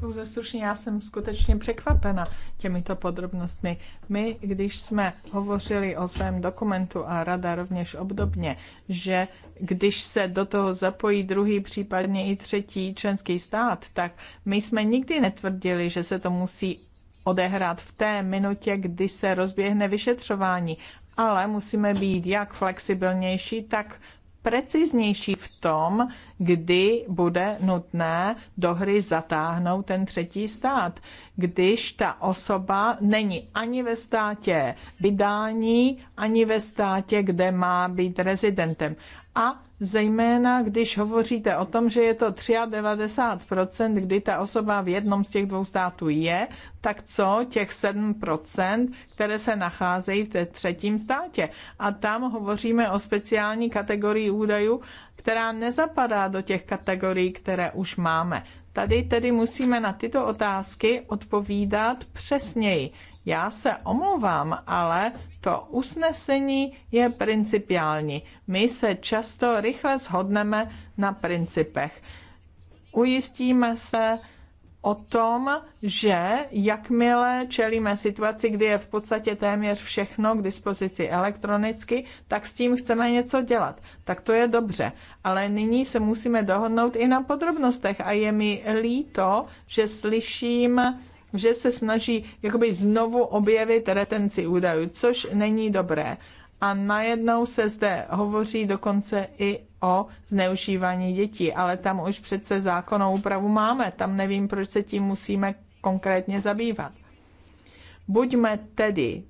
Pouze stručně, já jsem skutečně překvapena těmito podrobnostmi. My, když jsme hovořili o svém dokumentu a rada rovněž obdobně, že když se do toho zapojí druhý, případně i třetí členský stát, tak my jsme nikdy netvrdili, že se to musí odehrát v té minutě, kdy se rozběhne vyšetřování. Ale musíme být jak flexibilnější, tak preciznější v tom, kdy bude nutné do hry zatáhnout ten třetí stát. Když ta osoba není ani ve státě vydání, ani ve státě, kde má být rezidentem. A zejména když hovoříte o tom, že je to 93%, kdy ta osoba v jednom z těch dvou států je, tak co těch 7%, které se nacházejí v té třetím státě. A tam hovoříme o speciální kategorii údajů, která nezapadá do těch kategorií, které už máme. Tady tedy musíme na tyto otázky odpovídat přesněji. Já se omlouvám, ale to usnesení je principiální. My se často rychle shodneme na principech. Ujistíme se o tom, že jakmile čelíme situaci, kdy je v podstatě téměř všechno k dispozici elektronicky, tak s tím chceme něco dělat. Tak to je dobře. Ale nyní se musíme dohodnout i na podrobnostech a je mi líto, že slyším že se snaží jakoby znovu objevit retenci údajů, což není dobré. A najednou se zde hovoří dokonce i o zneužívání dětí, ale tam už přece zákonnou úpravu máme, tam nevím, proč se tím musíme konkrétně zabývat. Buďme tedy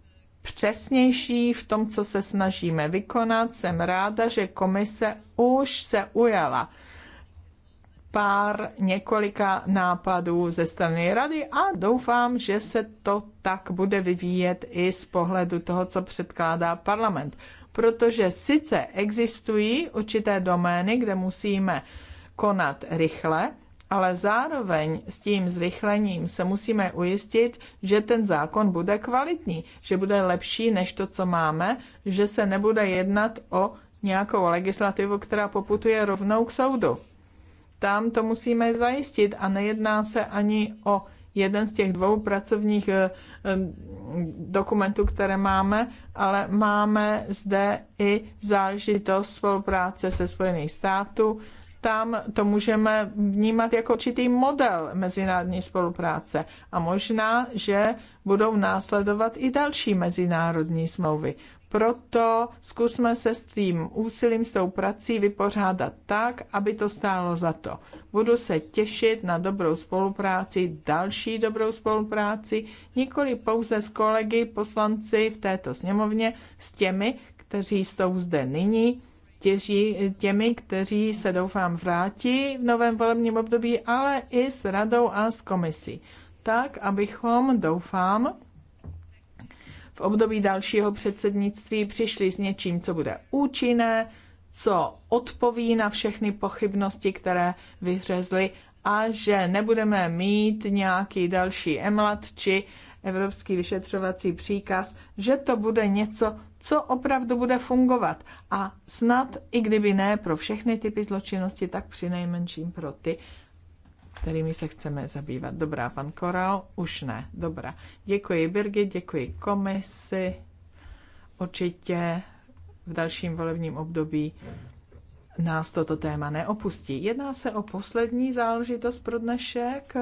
přesnější v tom, co se snažíme vykonat. Jsem ráda, že komise už se ujala pár několika nápadů ze strany rady a doufám, že se to tak bude vyvíjet i z pohledu toho, co předkládá parlament. Protože sice existují určité domény, kde musíme konat rychle, ale zároveň s tím zrychlením se musíme ujistit, že ten zákon bude kvalitní, že bude lepší než to, co máme, že se nebude jednat o nějakou legislativu, která poputuje rovnou k soudu tam to musíme zajistit a nejedná se ani o jeden z těch dvou pracovních eh, eh, dokumentů, které máme, ale máme zde i záležitost spolupráce se Spojených států. Tam to můžeme vnímat jako určitý model mezinárodní spolupráce a možná, že budou následovat i další mezinárodní smlouvy. Proto zkusme se s tím úsilím, s tou prací vypořádat tak, aby to stálo za to. Budu se těšit na dobrou spolupráci, další dobrou spolupráci, nikoli pouze s kolegy poslanci v této sněmovně, s těmi, kteří jsou zde nyní, těží, těmi, kteří se doufám vrátí v novém volebním období, ale i s radou a s komisí. Tak, abychom, doufám, v období dalšího předsednictví přišli s něčím, co bude účinné, co odpoví na všechny pochybnosti, které vyhřezly a že nebudeme mít nějaký další emlat či evropský vyšetřovací příkaz, že to bude něco, co opravdu bude fungovat. A snad, i kdyby ne pro všechny typy zločinnosti, tak přinejmenším pro ty, kterými se chceme zabývat. Dobrá, pan Koral, už ne. Dobrá. Děkuji Birgit, děkuji komisi. Určitě v dalším volebním období nás toto téma neopustí. Jedná se o poslední záležitost pro dnešek.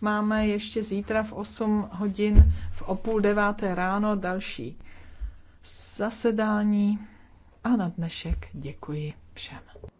Máme ještě zítra v 8 hodin v o půl deváté ráno další zasedání. A na dnešek děkuji všem.